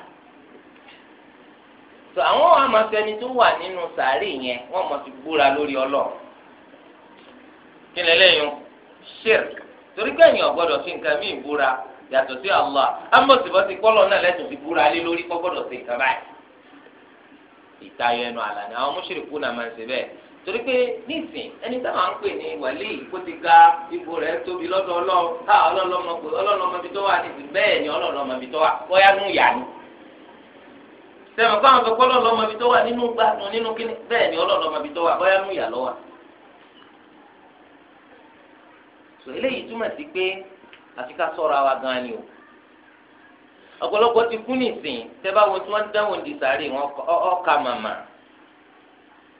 tó àwọn wà máa fẹni tó wà nínú sàárè yẹn wọ́n mọ̀ ti búra lórí ọlọ́run kí ni lẹ́yìn ṣírk torí kẹ́yìn ọ̀gbọ́dọ̀ fi nǹkan mí búra yàtọ̀ sí Allah amọ̀sibọ́sí kọ́lọ̀ náà lẹ́tọ̀ ti búra lé lórí kọ́gbọ́dọ̀ sí nǹkan báyìí ìtayọ ẹnu àlà ni àwọn mùṣírikù náà máa ń ṣe bẹ́ẹ̀ torí pé nísìn ẹni táwọn ń pè ní wàlí kó ti ga ipò rẹ̀ tóbi lọ́dọ̀ ọlọ́run táwọn ọlọ́run tó wà nísìn bẹ́ẹ̀ ni ọlọ́run ọmọbi tó wà bóyá nù yà ni sẹ́wọ̀n káwọn sọ pé ọlọ́run ọmọ ibi tó wà nínú gbàdùn nínú kíní bẹ́ẹ̀ ni ọlọ́run ọmọ ibi tó wà bóyá nù ìyàlọ́ wà. sọ eléyìí túmọ̀ sí pé àfi ká sọ̀rọ̀ àwa gan ni o ọ̀pọ̀lọpọ̀ ti kú nìsín tẹ́bá wo tí wọ́n dáwọ̀ ń sàárè wọn ọ̀ka màmá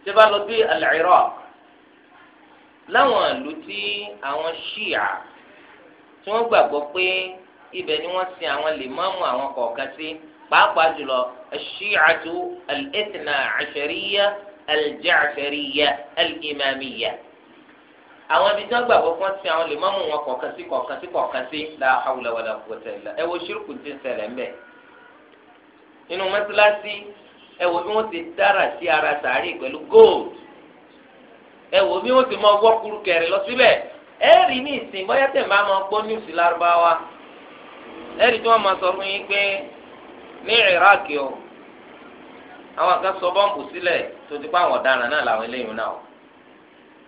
tẹ́bá lọ sí al-Iraq láwọn ìlú tí àwọn ṣíà tí wọ́n gbàgbọ́ pé ibẹ̀ ni wọ́n sin àwọn lè máàmù àwọn kọ̀ọ̀kan sí pàápàá jùlọ aṣíàtú alẹ́tìnà àṣẹríyà alẹ́jàṣẹríyà alẹ́màmíyà. àwọn ibi tí wọ́n gbàgbọ́ fún ti àwọn lè wọn kọ̀ọ̀kan sí kọ̀ọ̀kan sí kọ̀ọ̀kan sí la hawla wala ẹ wo ṣírùkù ti ń ń bẹ̀. nínú mọ́sálásí ẹ wo bí wọ́n ti dára sí ara sàárì pẹ̀lú gold ẹ wo bí wọ́n ti mọ wọ́ kúrú kẹrì lọ síbẹ̀ ẹ ní ìsìn bọ́yá tẹ̀ ní iraq o àwọn kan sọ bọ́ǹbù sílẹ̀ tó ti pa àwọn ọ̀daràn náà làwọn eléyìí náà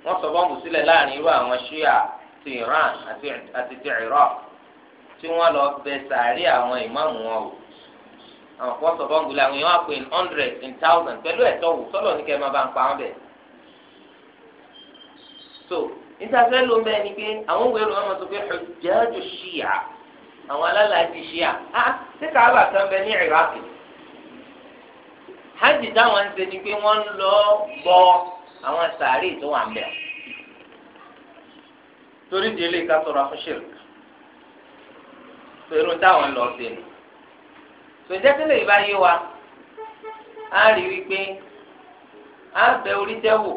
wọ́n sọ bọ́ǹbù sílẹ̀ láàrin irú àwọn ṣíà ti iran àti ti iraq tí wọ́n lọ bẹ sàárì àwọn ìmáàmù wọn o àwọn kan sọ bọ́ǹbù làwọn èèyàn á pè ní hundred in thousand pẹ̀lú ẹ̀tọ́ wò sọ́lọ̀ ní kẹ́ ẹ máa bá ń pa wọn bẹ̀. so ìtàfẹ́ ló ń bẹ́ẹ̀ ni pé àwọn òwe ló máa sọ pé ọ̀jáàjò ṣíà àwọn alálàájì ṣíà á ah, ṣé káàbà kan bẹ ní iraq hajj táwọn ń ṣe ni pé wọ́n ń lọ bọ àwọn sàárè tó wà ń bẹ̀ torí délé ká sọ̀rọ̀ afúnṣẹ́rù pẹ̀lú táwọn ń lọ sí ni tòjẹ́tẹ́lẹ̀ yìí bá yé wa á rí wípé á bẹ orí tẹ́wò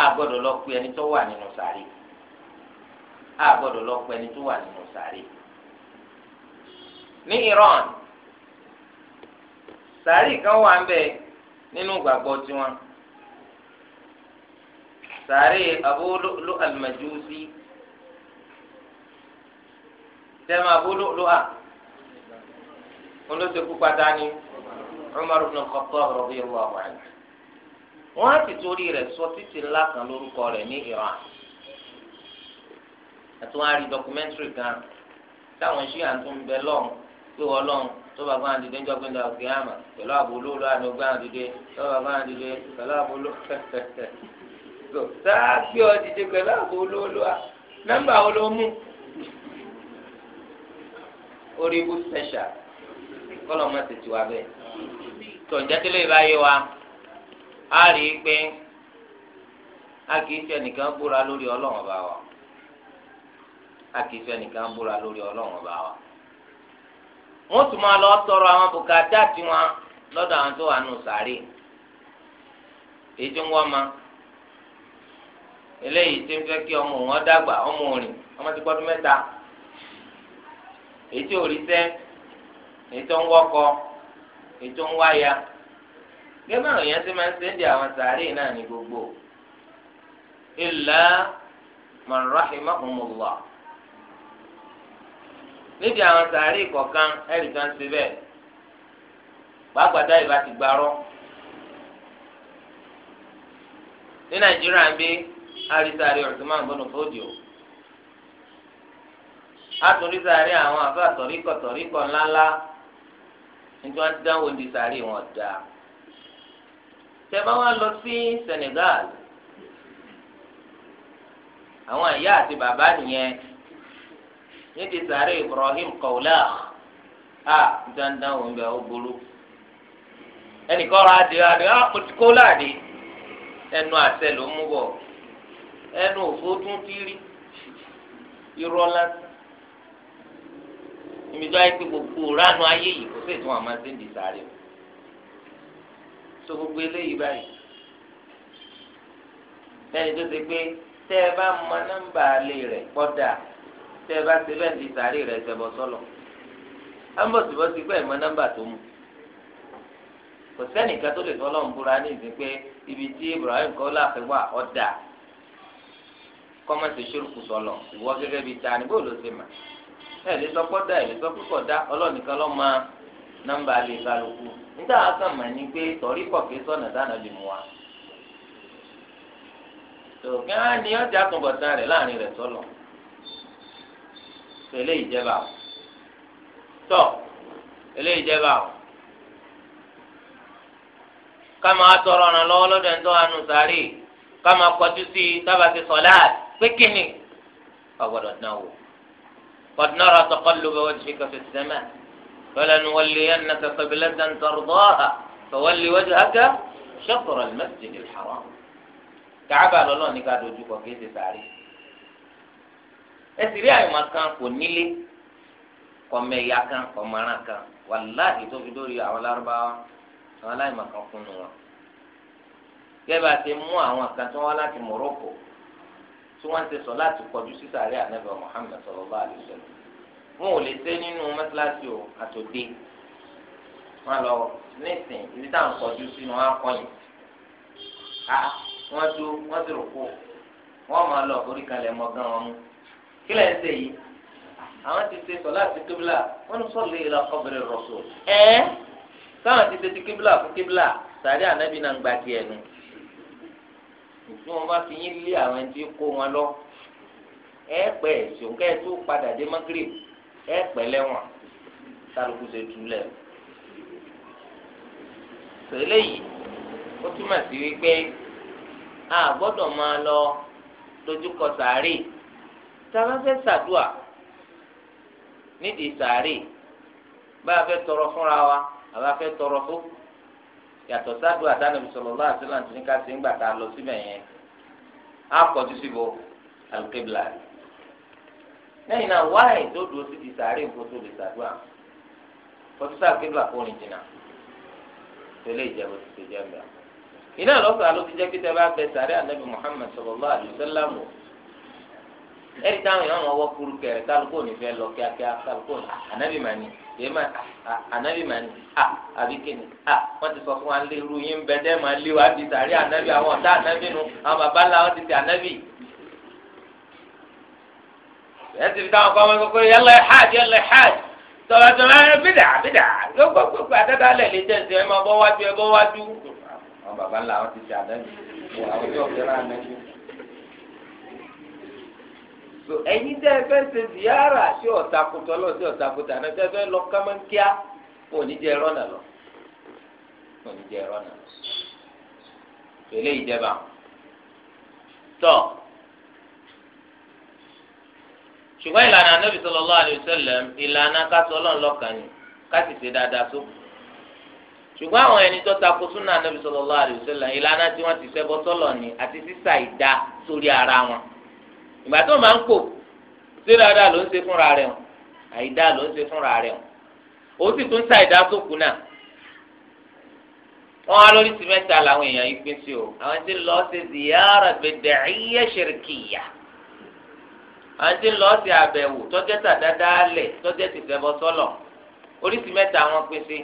á gbọ́dọ̀ lọ pe ẹni tó wà nínú sàárè á gbọ́dọ̀ lọ pe ẹni tó wà nínú sàárè. ní Iran sàárì kan wà ń bẹ nínú gbàgbọ́ tiwọn sàárì Abu al Abu olóṣèkú pátá ni Umar bin khattab radiyallahu anhu wọ́n á ti torí rẹ̀ sọ títí ńlá kan lórúkọ ní Iran àti wọ́n á rí kan táwọn ṣíà pé wọ́n lọ́hùn tó bá gbọ́n àdìdé ńjọ́ pé ńdàgbé àmà pẹ̀lú àbúlò lọ́wọ́ ni ó gbọ́n àdìdé tó bá gbọ́n àdìdé pẹ̀lú àbúlò tó sáà gbé ọ dìde pẹ̀lú àbúlò lọ́wọ́ nọ́mbà wo ló mú orí ibú sẹ́ṣà kọ́lọ̀ mọ́ tètè wá bẹ́ẹ̀ tó ǹjẹ́ tó lè bá yé wa á rí i pé a kì í fẹ́ nìkan búra lórí ọlọ́run ọba wa a kì fẹ́ nìkan búra lórí ọlọ́run ọba wa. wọ́n tún máa lọ tọrọ àwọn bùkátà tiwọn lọ́dọ̀ àwọn tó wà nù sàárè èyí tí ma eléyìí tí ń fẹ́ kí ọmọ wọn dàgbà ọmọ òrìn ọmọ ti gbọ́dún mẹ́ta èyí tí ò ń wọ́kọ èyí ń wáya gẹ́gẹ́ àwọn èèyàn ti máa ń àwọn gbogbo níbi àwọn sàárè kọ̀ọ̀kan ẹ̀rì kan ṣe bẹ́ẹ̀ gbàgbàdá ìbá ti gbarọ́ ní nàìjíríà ń bí àrísàárè Usman bọ́nù fòdìò àtúndí sàárè àwọn àfa tọ̀ríkọ̀ tọ̀ríkọ̀ ńláńlá nítorí wọn ti dánwò di sàárè wọn dá tẹ̀bá wa lọ sí Senegal àwọn ìyá àti bàbá nìyẹn ní ti sàárè Ibrahim Qawlakh a dandan òun bẹ ó burú ẹnìkan ọ̀rọ̀ adìẹ adìẹ àpòtíkọlá adìẹ ẹnu àtẹ ló mú bọ ẹnu òfó tún ti rí irọ́ lásán ìmìjọ ayé pé gbogbo ránú ayé yìí kò sí ìtumọ̀ àmọ́ sí di sáré o tó gbogbo eléyìí báyìí lẹ́yìn tó ṣe pé tẹ́ ẹ bá mọ nọ́mbà alẹ́ rẹ̀ kọ́dà tẹ́ ẹ bá ṣe bẹ́ẹ̀ sàárì rẹ̀ ṣẹbọ sọ́lọ̀ ambọ̀sibọ́sí pé ẹ̀mọ́ nọ́mbà tó mú kò sẹ́nìkan tó lè ibi tí Ibrahim kọ́ láàfin wà ọ̀dà ṣòrùkù ìwọ gẹ́gẹ́ bíi ta ni bó ló ṣe mà ẹ̀ lè sọ pọ́ da ẹ̀ lè sọ púpọ̀ da ọlọ́nìkan lọ́ máa lè níta sọ eléyìí jẹba o tọ eléyìí jẹba o kama atọrọ ọ̀ràn lọ́wọ́ lọ́dọ̀ ẹni tó wà nù sáré kama kọjú sí i tábà ti sọlá pé kíni ọgbọ́dọ̀ dán wò qad nara taqalluba wajhika fi as-sama' falanuwalliyannaka qiblatan tardaha fawalli wajhaka shatra al-masjid al-haram Kàábà lọ́lọ́ ní ká dojú kọ kí n ti sáré ẹsì rí àyùmọ̀ kan kò nílé kọmẹ̀yà kan kọmọ̀ràn kan wàláhì tó fi dórí àwọn lárúbáwá àwọn aláìmọ̀ kan kúnnú wọn. gẹ́gẹ́ àti mú àwọn kan tí wọ́n láti Morocco tí wọ́n ti sọ láti kọjú sí sàréè ànábì Muhammad sallallahu alaihi wasallam. wọn ò lè sé nínú mẹ́tíláṣí o àtòdé wọn lọ nísìn ibi táwọn kọjú sí ni wọn á kọyìn. a wọn dúró wọn sì rò kó wọn máa lọ orí kalẹ̀ mọ́ gan wọn mú kí lẹ́ ń ṣe yìí àwọn ti ṣe sọlá àti kíbla wọn sọlẹ ìlà kọbẹrẹ rọṣọ ẹ káwọn ti ṣe ti kíbla fún kíbla sàrí ànábì náà ń gba tiẹ̀ nu tí wọn bá fi yín lé àwọn ẹni tí kó wọn lọ ẹ pẹ ẹsùn kẹ ẹ tó padà dé mọgírì ẹ pẹ lẹ́wọ̀n sálùkù ṣe túlẹ sẹlẹ yìí ó túmọ̀ sí wípé a gbọ́dọ̀ máa lọ dojúkọ sàárè tàbá fẹ́ ṣàdúà nídìí sàárè bá a fẹ́ tọrọ fúnra wa àbá fẹ́ tọrọ fún yàtọ̀ ṣàdúà tánàbí sallallahu alaihi wasallam ní ká ṣe ń gbà tá a lọ síbẹ̀ yẹn á kọjú síbo alùkébìlà rẹ̀ lẹ́yìn náà wáyé tó dúró sí di sàárè nǹkan tó lè ṣàdúà kọjú sí alùkébìlà kó rìn jìnnà tẹ́lẹ̀ ìjẹ́bù ti ṣe jẹ́ mbà iná lọ́sọ̀ọ́ ló ti jẹ́ pé tẹ́ bá fẹ́ sàárè Muhammad sallallahu alaihi wasallam ẹni táwọn èèyàn máa wọ kúrú kẹrẹ kálukú ò ní fẹ́ lọ kíákíá kálukú a ní a wọ́n ti sọ fún wa lérú yín bẹ dẹ́ máa lé wa ti sàrí ànábì àwọn ọ̀tá ànábì nu àwọn ti ti fi táwọn kọ́mọ́ kókó yẹlẹ hajj hajj tọ́lá tọ́lá bídà so ẹ̀yin tẹ́ ẹ fẹ́ ṣe ziyara sí ọ̀takùtọ̀ lọ sí ọ̀takùtọ̀ àná tẹ́ ẹ fẹ́ lọ kámánkíá fún oníjẹ ẹ̀rọ nà lọ fún oníjẹ ẹ̀rọ nà lọ pẹ̀lẹ́ ìjẹba tọ ṣùgbọ́n ìlànà anábì sallallahu alaihi wasallam ìlànà kásọ ọlọ́run lọ́kàn ni kásì ṣe dáadáa sókù ṣùgbọ́n àwọn ẹni tó takò súnà anábì sallallahu alaihi wasallam ìlànà tí wọ́n ti ṣẹbọ sọ́lọ̀ ni àti sísà ìdá sórí ara wọn ìgbà tó máa ń pò sí dáadáa ló ń ṣe fúnra rẹ̀ o àìdá ló ń ṣe fúnra rẹ̀ o ó sì tún ta ìdá sókù náà wọn á lórí sìmẹ́ntì làwọn èèyàn yìí pín sí o àwọn tí ń lọ sí ziyara bid'iyya shirkiyya àwọn tí lọ sí àbẹ̀wò tọ́jẹ́ tàdáadáa lẹ̀ tọ́jẹ́ tìfẹ́bọ sọ́lọ̀ oríṣi mẹ́ta wọn pín sí.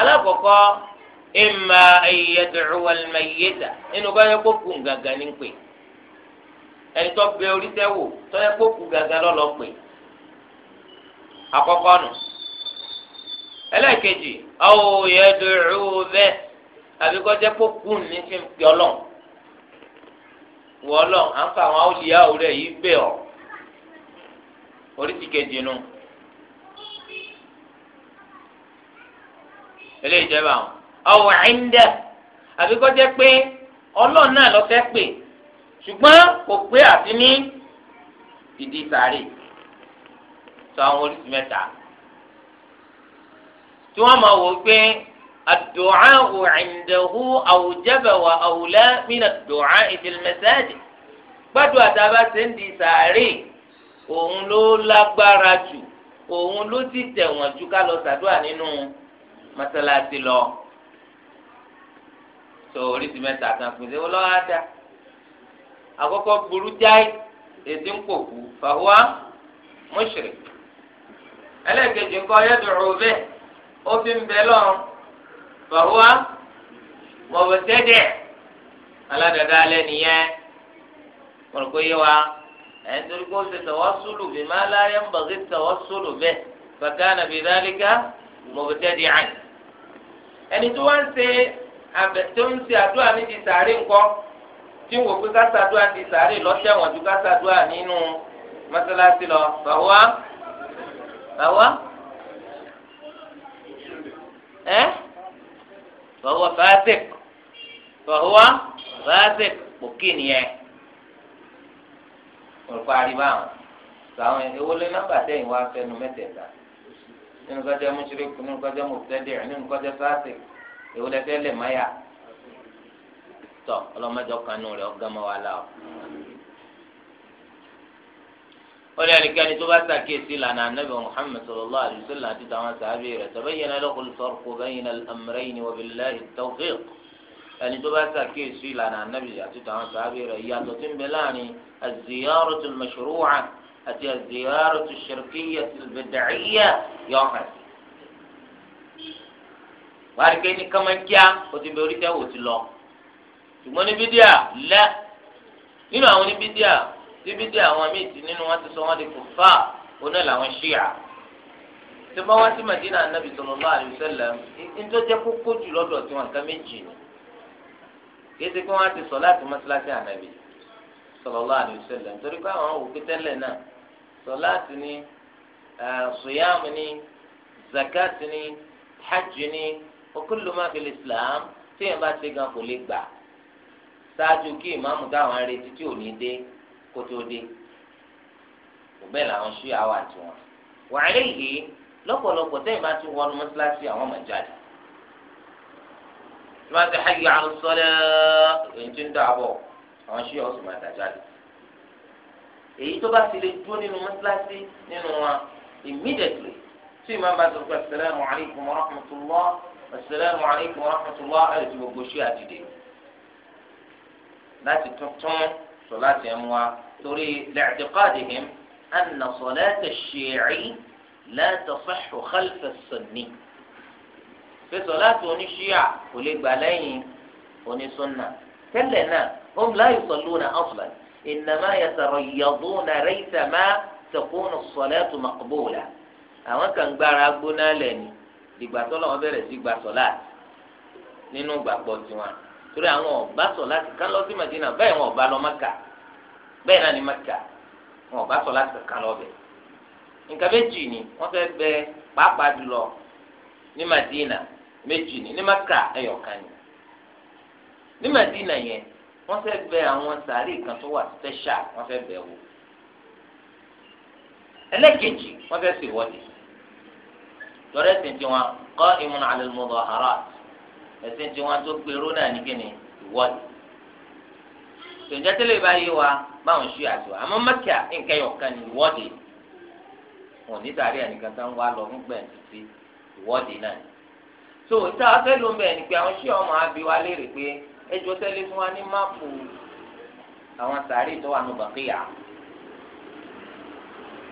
alákọ̀ọ́kọ́ imma an yad'u nínú báyọ̀ kó kù gàgà ní pè é ẹni tó bẹ oríṣẹ́ wò tó yẹ kó gàgà lọ́lọ́ pè àkọ́kọ́ nù ẹlẹ́ẹ̀kejì ọ̀hún yẹ dùrú bẹ́ẹ̀ àbí kọ́ jẹ́ kó ní fi pè ọlọ́n wọ́ọ́lọ́ à ń fa àwọn olùyà òwúrẹ̀ yìí bẹ̀ ọ́ oríṣi kejì nù eléyìí jẹ́ bá wọn ọ̀hún ẹ̀ ń àbí kọ́ jẹ́ pé ọlọ́ọ̀ náà fẹ́ pè. ṣùgbọ́n kò pé àti ní ìdí sáré sọ àwọn oríṣi mẹ́ta tí wọ́n máa wò pé àdùá òǹdẹ̀hu àwùjẹ́bẹ̀ wà àwùlẹ́ mìíràn dùá ìdìlmẹ́sẹ́ẹ̀dì gbádùn àtàbà ṣe ń di sáré òun ló lágbára jù òun ló ti tẹ̀wọ̀n ju ká lọ sàdúrà nínú mọ́sálásí lọ. sọ oríṣi mẹ́ta kan pèsè wọ́n lọ́wọ́ á dáa àkọ́kọ́ burú jáì ètí ń kò kú fàwa mushrik ẹlẹ́ẹ̀kejì ńkọ́ yẹ́dùrú bẹ́ẹ̀ ó fi ń bẹ lọ́rùn fàwa mọ̀bọ̀tẹ́dẹ̀ aládàáda alẹ́ nìyẹn mo rò pé yé wa ẹ̀ ń torí kó ṣe tawassulu bima la yanbaghi tawassulu bih fakana bidhalika mọ̀bọ̀tẹ́dẹ̀ ẹni tó wá ń sàárè ńkọ́ tí wọ́n pé kásádùá ti sàárè lọ́sẹ̀wọ̀n ju kásádùá nínú mọ́sálásí lọ bàwá bàwá ẹ bàwá fàásìk bàwá fàásìk òkè nìyẹn olùkọ́ àríwá àwọn sàwọn ewo lé nọ́mbà tẹ̀yìn wá fẹ́nu mẹ́tẹ̀ẹ̀ta nínú kọjá mùsùlùmí nínú kọjá mùsùlùmí nínú kọjá fàásìk ewo lẹ́fẹ́ lè máyà tọ ọlọmọdé kanú rẹ ọgọmọ wa la o. wọ́n lé ẹnikẹ́ni tó bá sàkíyèsí ìlànà anábì muhammed sallallahu alayhi wa sallam àti tàwọn sàábì rẹ̀ tabayyana lahul farqu bayna al-amrayni wa billahi at-tawfiq ẹni tó bá sàkíyèsí ìlànà anábì àti tàwọn sàábì rẹ̀ ìyàtọ̀ tí ń bẹ láàrin az-ziyaratu al-mashru'a àti az-ziyaratu ash-shirkiyya al-bid'iyya ṣùgbọ́n ní bídíà lẹ́ nínú àwọn ní bídíà tí bídíà àwọn míì ti nínú wọn ti sọ wọn di kùfà oná làwọn ṣíà tí wọ́n wá sí Madina anabi sallallahu alaihi wasallam nítorí jẹ́ kókó jù lọ́dọ̀ tí wọn nǹkan méjì ni kí ẹsẹ̀ pé wọ́n á ti sọ láti mọ́sálásí anabi sallallahu alaihi wasallam torí pé àwọn òkú tẹ́lẹ̀ náà sọ láti ní ṣùyàmù ní zakat ní hajj ní wa kullu Islam tí yẹn bá ṣe gan kò lè gbà ṣáájú kí ìmáàmù táwọn arètí tí ò ní dé kó tó dé kò bẹ́ẹ̀ làwọn ṣú àwọn àti wọn. wàhálà yìí lọ́pọ̀lọpọ̀ tẹ́yìn bá ti wọnú mọ́sálásí àwọn ọmọ jáde. tí wọ́n ti hayya ala sala èyí tó ń dà bọ̀ àwọn ṣú àwọn sì máa dà jáde. èyí tó bá ti lè dúró nínú mọ́sálásí nínú wa immediately tí ìmáàmù bá ti rúkọ assalamu alaykum wa rahmatullah assalamu alaykum láti tuntun sọláàtì ẹ̀ mú wa torí li'tiqadihim anna salata ash-shi'i la tasihhu khalfa as-sunni pé sọláàtì oníṣíà kò lè gbà lẹ́yìn onísùnnà tẹ́lẹ̀ náà hum la yusalluna aslan innama yatarayyaduna raythama takunu as-salatu maqbula àwọn kan gbára gbóná lẹ́ni ìgbà tó lọ́wọ́ bẹ̀rẹ̀ sí gba sọ̀lá nínú gbàgbọ́ tiwọn torí àwọn ọba sọ láti kán lọ sí Madina wọn ọba lọ Maka bẹ́ẹ̀ náà ni Maka wọn ọba sọ láti kán lọ bẹ́ẹ̀ nǹkan méjì ni wọ́n fẹ́ bẹ pàápàá jùlọ ní Madina méjì ni ní Maka ni kan tó wà wò ẹ̀sìn tí wọ́n tó gbèrú náà ní kíni ìwọ́de tòjátẹ́lẹ̀ báyìí wa báwọn ṣú àti wa àmọ́ mẹ́kà nǹkan yọ̀ọ̀kan ní ìwọ́de wọn ní sàárẹ̀ ẹnìkan tó ń wá lọ fún gbẹ̀ǹ títí ìwọ́de náà so ìta ọ̀sẹ̀ ló ń bẹ̀ ni pé àwọn ṣí ọmọ abi wa léèrè pé ẹjọ́ tẹ́lẹ̀ fún wa ní máàpù àwọn sàárẹ̀ tó wà ní bàkìyà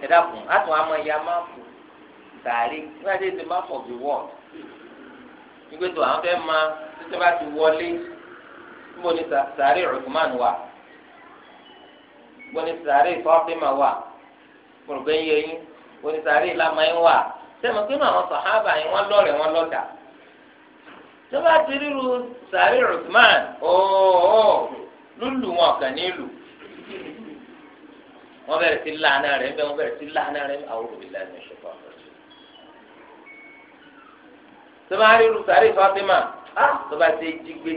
ẹ dákun á tún àmọ́ ya máàpù sàárẹ̀ nígbà tí èsì máàpù of the world ìgbé tó àwọn fẹ́ máa títí bá ti wọlé níbo ni sàárè Uthman wà níbo ni sàárè Fatima wà kùrùbẹ́ yẹ yín níbo ni sàárè Lamayín wà sẹ́mi pé nínú àwọn sàhábà yẹn wọ́n lọ́rẹ̀ wọ́n lọ́dà tó bá ti ríru sàárè Uthman ooo lùlù wọn kàn ní ìlú wọ́n bẹ̀rẹ̀ sí lánàá rẹ̀ bẹ́ẹ̀ wọ́n bẹ̀rẹ̀ sí lánàá rẹ̀ àwọn olùdílé ṣe fún ọ̀rọ̀ tó bá rí rúsàrí Fatima á tó bá ṣe jí gbé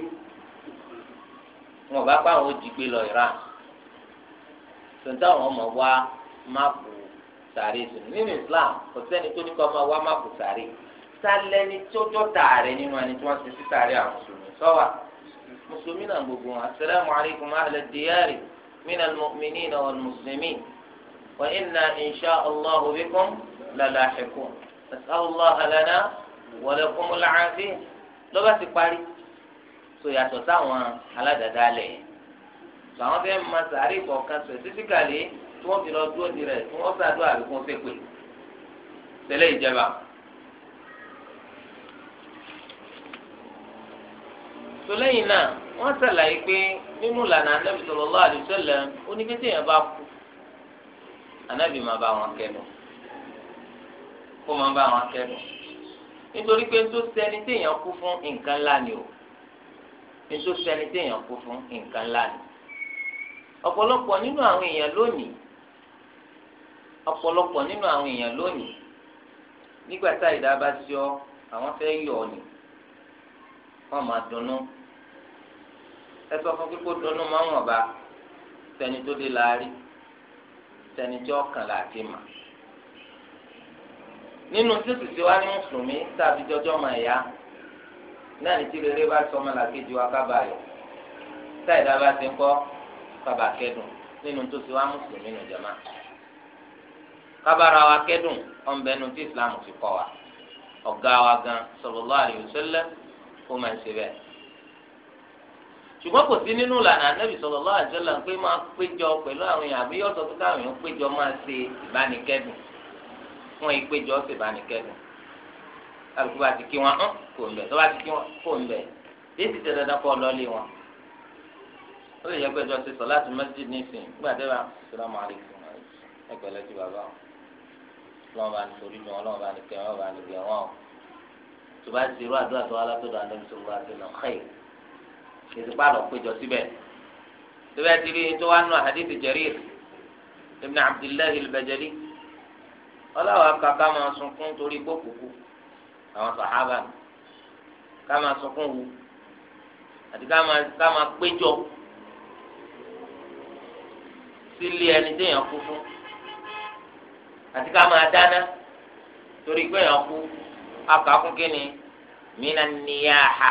wọn bá pa àwọn jí gbé lọ ìran tòǹtà àwọn ọmọ wa máàpù sàárè sùn nínú Islam kò sẹ́ni tó ní kọ́ ọmọ wa máàpù sàárè sálẹ́ni tó jọ́ tààrẹ nínú ẹni tí wọ́n ti sí sàárè àwọn mùsùlùmí sọ́wà mùsùlùmí náà gbogbo wọn asalaamu alaykum ahla diyaari min almu'minin wal muslimin wa inna insha allahu bikum lalaxiqun asalaamu alaykum wọlé kọmọlá àfi lọba ti parí so yàtọ̀ sáwọn aládàáda lẹ so àwọn fẹẹ máa sàárè kọ̀ọ̀kan sẹsífíkàlì tí wọn fi lọ dúró di rẹ tí wọn sàdúrà àbí kún fẹpẹ tẹ́lẹ̀ ìjẹba. so lẹ́yìn náà wọ́n ṣàlàyé pé nínú ìlànà anábì sallallahu alaihi wasallam oníbẹ̀tẹ̀ yẹn bá kú anábì máa bá wọn kẹ́nu kó máa bá wọn kẹ́nu nítorí pé nítorí sẹni téèyàn kú fún nǹkan ńlá o nítorí sẹni téèyàn kú fún nǹkan ńlá ni ọ̀pọ̀lọpọ̀ nínú àwọn èèyàn lónìí ọ̀pọ̀lọpọ̀ nínú àwọn èèyàn lónìí nígbà tá ìdá bá sí ọ àwọn fẹ́ yọ ọ ni wọ́n máa dunnú ẹ sọ fún kíkó dunnú máa ń wọ̀n ba sẹni tó dé láàárín sẹni tí ọkàn láti mà nínú títù tí wá ní mùsùlùmí tàbí jọjọ ọmọ ẹ̀yà náà ní tí rere bá sọ ọmọ làkejì wa kábàá yọ táyìdá bá ti ń kọ́ kábàá kẹ́dùn nínú tó ti wá mùsùlùmí nù jàmá kábàárà wa kẹ́dùn ọ̀nbẹ́nu tí islam fi kọ́ wa ọ̀gá wa gan sallallahu alaihi wasallam kó máa ń ṣe bẹ́ẹ̀ ṣùgbọ́n kò sí nínú ìlànà anábì sallallahu alaihi wasallam pé máa péjọ pẹ̀lú àwọn èèyàn àbí yọ̀tọ̀ tó káwọn èèyàn péjọ máa ṣe ìbánikẹ́dùn fún ìpéjọ ṣèbánikẹ́dùn kálukú bá ti kí wọn hàn kò ń bẹ tó bá ti kí wọn kò ń bẹ yìí ti tẹ dandan kọ lọlé wọn ó lè yẹ pé ẹjọ ti sọ láti mẹsídìí nísìn nígbà tẹ bá sọlámù àlèkùn ẹgbẹ lẹtí bàbá o lọ́wọ́ bá ní torí ju wọn lọ́wọ́ bá ní kẹ́ wọn bá ní bẹ̀ wọn o tó bá ti irú àdúrà tó wá látọ̀dọ̀ àdébí tó wá sí lọ ọlọ́wọ́ kàkà máa sunkún torí gbókùkù àwọn sàhábà ká máa sunkún wu àti ká máa ká máa péjọ sílé ẹni téèyàn kú fún àti ká máa dáná torí pé èèyàn kú akàkún kínní mìíràn níyàhà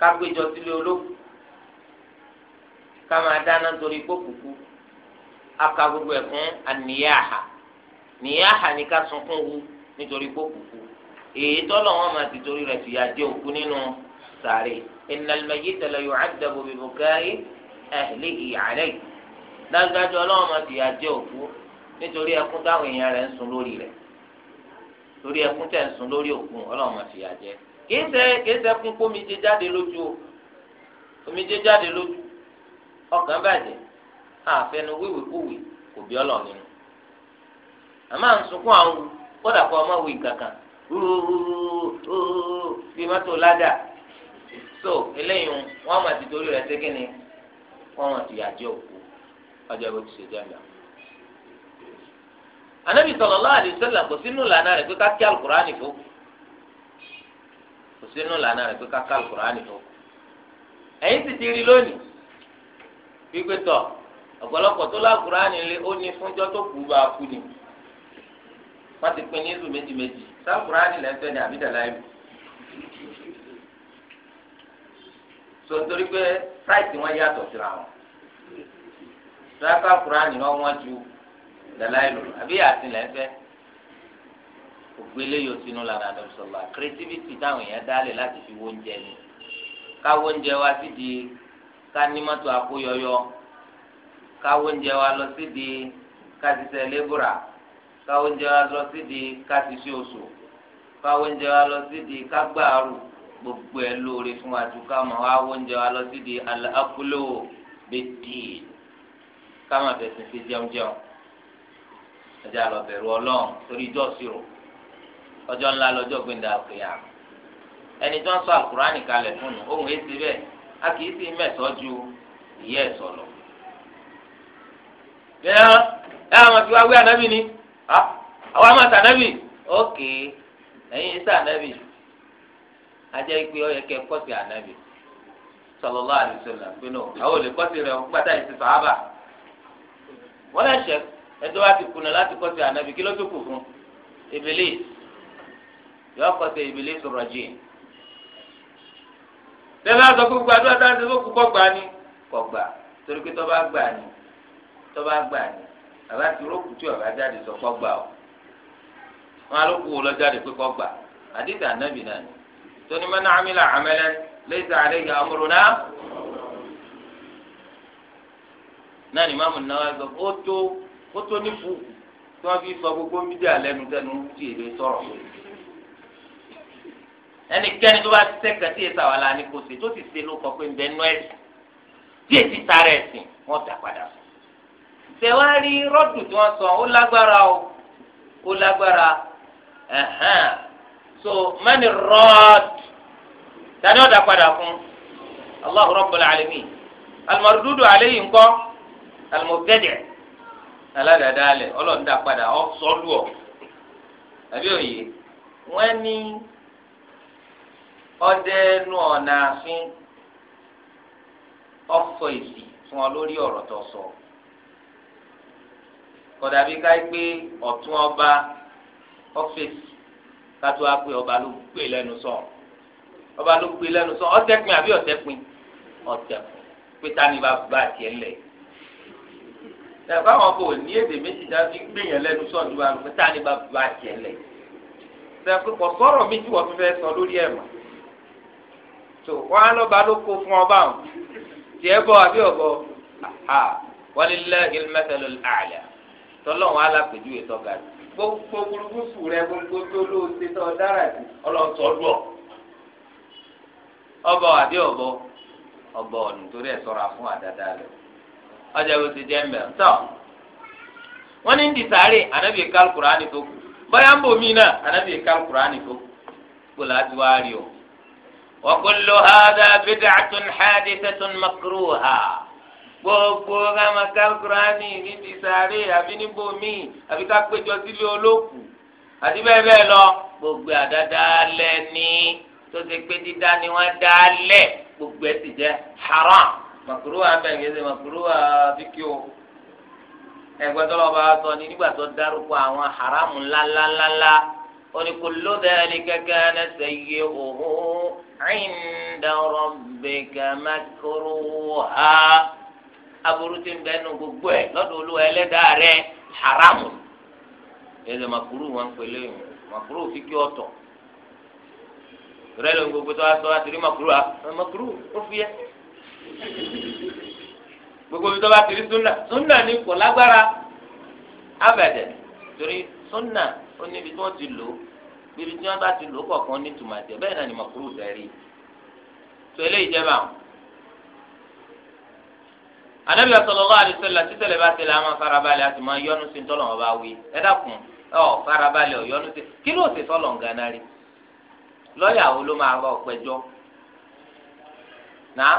ká péjọ sílé olókù ká máa dáná torí gbókùkù aka gbogbo ẹ̀ fún àníyáha níyáha ni ká sunkún wu nítorí kó kúkú èyí tọ́lọ̀ wọn máa ti torí rẹ̀ fìyà jẹ òkú nínú sàárè innal mayyita la yu'addabu bi bukai ahlihi alayhi dájúdájú ọlọ́wọ́n máa fìyà jẹ òkú nítorí ẹkún táwọn èèyàn rẹ̀ ń sun lórí rẹ̀ torí ẹkún tẹ̀ ń sun lórí òkú ọlọ́wọ́n máa fìyà jẹ kìí ṣe kìí ṣe kún kómi jẹ jáde lójú omi jẹ jáde lójú ọkàn bàjẹ́ àfẹnu wíwìkúwì kò bí ọlọ nínú àmọ́ ń sunkún àwọn kódà kó ọmọ wì kankan bí mọ́tò ládà so eléyìí wọ́n máa ti torí rẹ̀ sékìnì wọ́n máa ti yàjẹ́ òkú ìwé ti ṣe anabi sallallahu alaihi wasallam kò sínú ìlànà rẹ̀ pé ká kí alukurani fò kò sínú ìlànà rẹ̀ pé ká kí ti ti rí lónìí wípé tọ ọ̀pọ̀lọpọ̀ tó lákùránì lé ó ní fúnjọ́ tó kù bá a kú ni wọ́n ti pín ní ìlú méjì méjì sákùránì lẹ́fẹ̀ẹ́ ni àbí dàlá ìlú. so nítorí pé price wọn yàtọ̀ síra wọn sákùránì wọn wọ́n ju dàlá ìlú àbí àti lẹ́fẹ̀ẹ́ ògbélé yóò sínú lànà àdàbísọ̀lá creativity táwọn èèyàn dálé láti fi wóúnjẹ ni ká wóúnjẹ wá sí di ká ní mọ́tò káwó oúnjẹ wa lọ síbi kásìsẹ́ lébùrà káwó oúnjẹ wa lọ síbi kásìsẹ́ oṣù káwó oúnjẹ wa lọ síbi kágbàárù gbogbo ẹ lóore fún wa ju ká máa wá oúnjẹ wa lọ síbi alákúlò bẹ́ẹ̀dì ká máa bẹ̀sẹ̀ sí jẹun jẹun ẹjẹ alọ bẹ̀rù Ọlọ́run torí ijọ sírò ọjọ́ ńlá lọ́jọ́ gbẹndà àkèyà ẹni tó ń sọ àkùránì kalẹ̀ fún un ohun èsì bẹ́ẹ̀ a kì í sì mẹsọ ju ìyẹ ẹsọ lọ ẹ ẹ àwọn tí wàá wí ànábì ni àwọn àmà sànábì ókè ẹ̀yin sànábì ajẹ́ ìpè ọ̀yẹ́ kẹ́ kọ́sì ànábì sallallahu alaihi wasallam pinnu àwọn olè kọ́sì rẹ̀ pátá ìsìn sàábà wọ́n lè ẹjọ́ wa ti kùnà láti kọ́sì ànábì kí ló kù fún Iblis yọ kọ́sì Iblis rajim bẹ́ẹ̀ bá sọ pé gbàdúrà ni torí pé ni. tọ́ba gbà ní bàbá ti rókù tí ọ̀gá jáde sọ kọ́ gbà ọ́ wọn alókù wo lọ́jáde pé kọ́ gbà àdìtà nàbì náà ni tóní mẹ́nà àmìlà àmẹ́lẹ́ lẹ́sà àlẹ́yà amúrúná náà ni máàmù náà sọ ó tó ó tó ní fún tí wọ́n fi sọ gbogbo ń bídí àlẹ́nu tẹnu tí èdè sọ̀rọ̀ ẹnikẹ́ni tó bá ti sẹ́kẹ̀ tí èsà wà kò sí tó ti ṣe ló kọ pé ń bẹ́ẹ̀ nú ẹ̀sìn tí èsì sára ẹ̀sìn wọ́n dà padà fún tẹ̀wárí rọ́dù tí wọ́n sọ ó lágbára o ó lágbára so mẹ́ni rọ́ọ̀d tani o padà fún Allahu Rabbul Alamin al-mardudu alayhi ńkọ́ al-mubtadi' aládàádáalẹ̀ ọlọ́ọ̀dà padà ọ̀ sọ́ọ́lù ọ̀ àbí òye wọ́n ní ọdẹ nu ọ̀nà o ọ̀sọ̀ èsì fún ọ lórí tó sọ. So kọ̀dà bí ká pé ọ̀tún ọba ọ́fíìsì kátó wá pé ọba ló gbé lẹ́nu sọ ọba ló gbé lẹ́nu sọ ọ̀tẹ́pin àbí ọ̀tẹ́pin ọ̀tẹ́pin pété ni bàbá tiẹ̀ lẹ̀ ẹ̀fọ́ àwọn bò ní èdè méjì náà fi gbé yẹn lẹ́nu sọ ju àwọn pété ni bàbá tiẹ̀ lẹ̀ ẹ̀fọ́ kò sọ̀rọ̀ mi tí wọ́n fẹ́ sọ lórí ẹ̀ mọ́ tó wọn lọ́ba ló kó fún ọba tiẹ̀ bọ̀ àbí ọ̀bọ̀ walillahi al-mathalu al-a'la. tọ́lọ́wọ́n alápèjúwe tọ́ga jù gbogbo gbúrúgbúsù rẹ gbogbo tó lóòótọ́ tó dára jù ọlọ́tọ́lù ọ̀ ọbọ̀ fún ọjà ti ní tó kù ń bò mí náà tó kù kó láti wá rí o. gbogbo ká máa ká alukurani ní ti sáré àbí níbo míì àbí ká péjọ sílé olóòkú àti bẹ́ẹ̀ bẹ́ẹ̀ lọ gbogbo àdáda lẹ̀ ní tó ṣe pé dídá ni wọ́n dá lẹ̀ gbogbo ẹ̀ sì jẹ́ haram màkúrú wa bẹ́ẹ̀ kí ẹ ṣe màkúrú wa bí kí o ẹgbẹ́ tó sọ ni nígbà tó dárúkọ àwọn haram ńláńláńlá ó ní kullu dhalika kana sayyi'uhu 'inda rabbika makruha. aburú ti ń bẹ nu gbogbo ẹ lọ́dọ̀ olúwa ẹlẹ́dàá rẹ haramu ẹsẹ makuru wọn pè lẹ́yìn makuru fi kí ọ̀tọ̀ rẹlẹ gbogbo tó wá sọ wá gbogbo tó wá tìrí sunna sunna ni kò lágbára abẹdẹ torí sunna ó níbi tí wọn ti lò tí wọn bá ti lò ní náà ni makuru tẹ rí anabi sallallahu alaihi wasallam títẹ̀lẹ̀ bá tẹ̀lẹ̀ àwọn farabalẹ̀ àti máa yọnu sí tọ́lọ̀ wọn bá wí ẹ dákun ọ farabalẹ̀ ọ̀yọ́nu sí kí ló sì sọ́lọ̀ ń ganan rí lọ́ọ̀yà wo ló máa bá ọ pẹjọ́ náà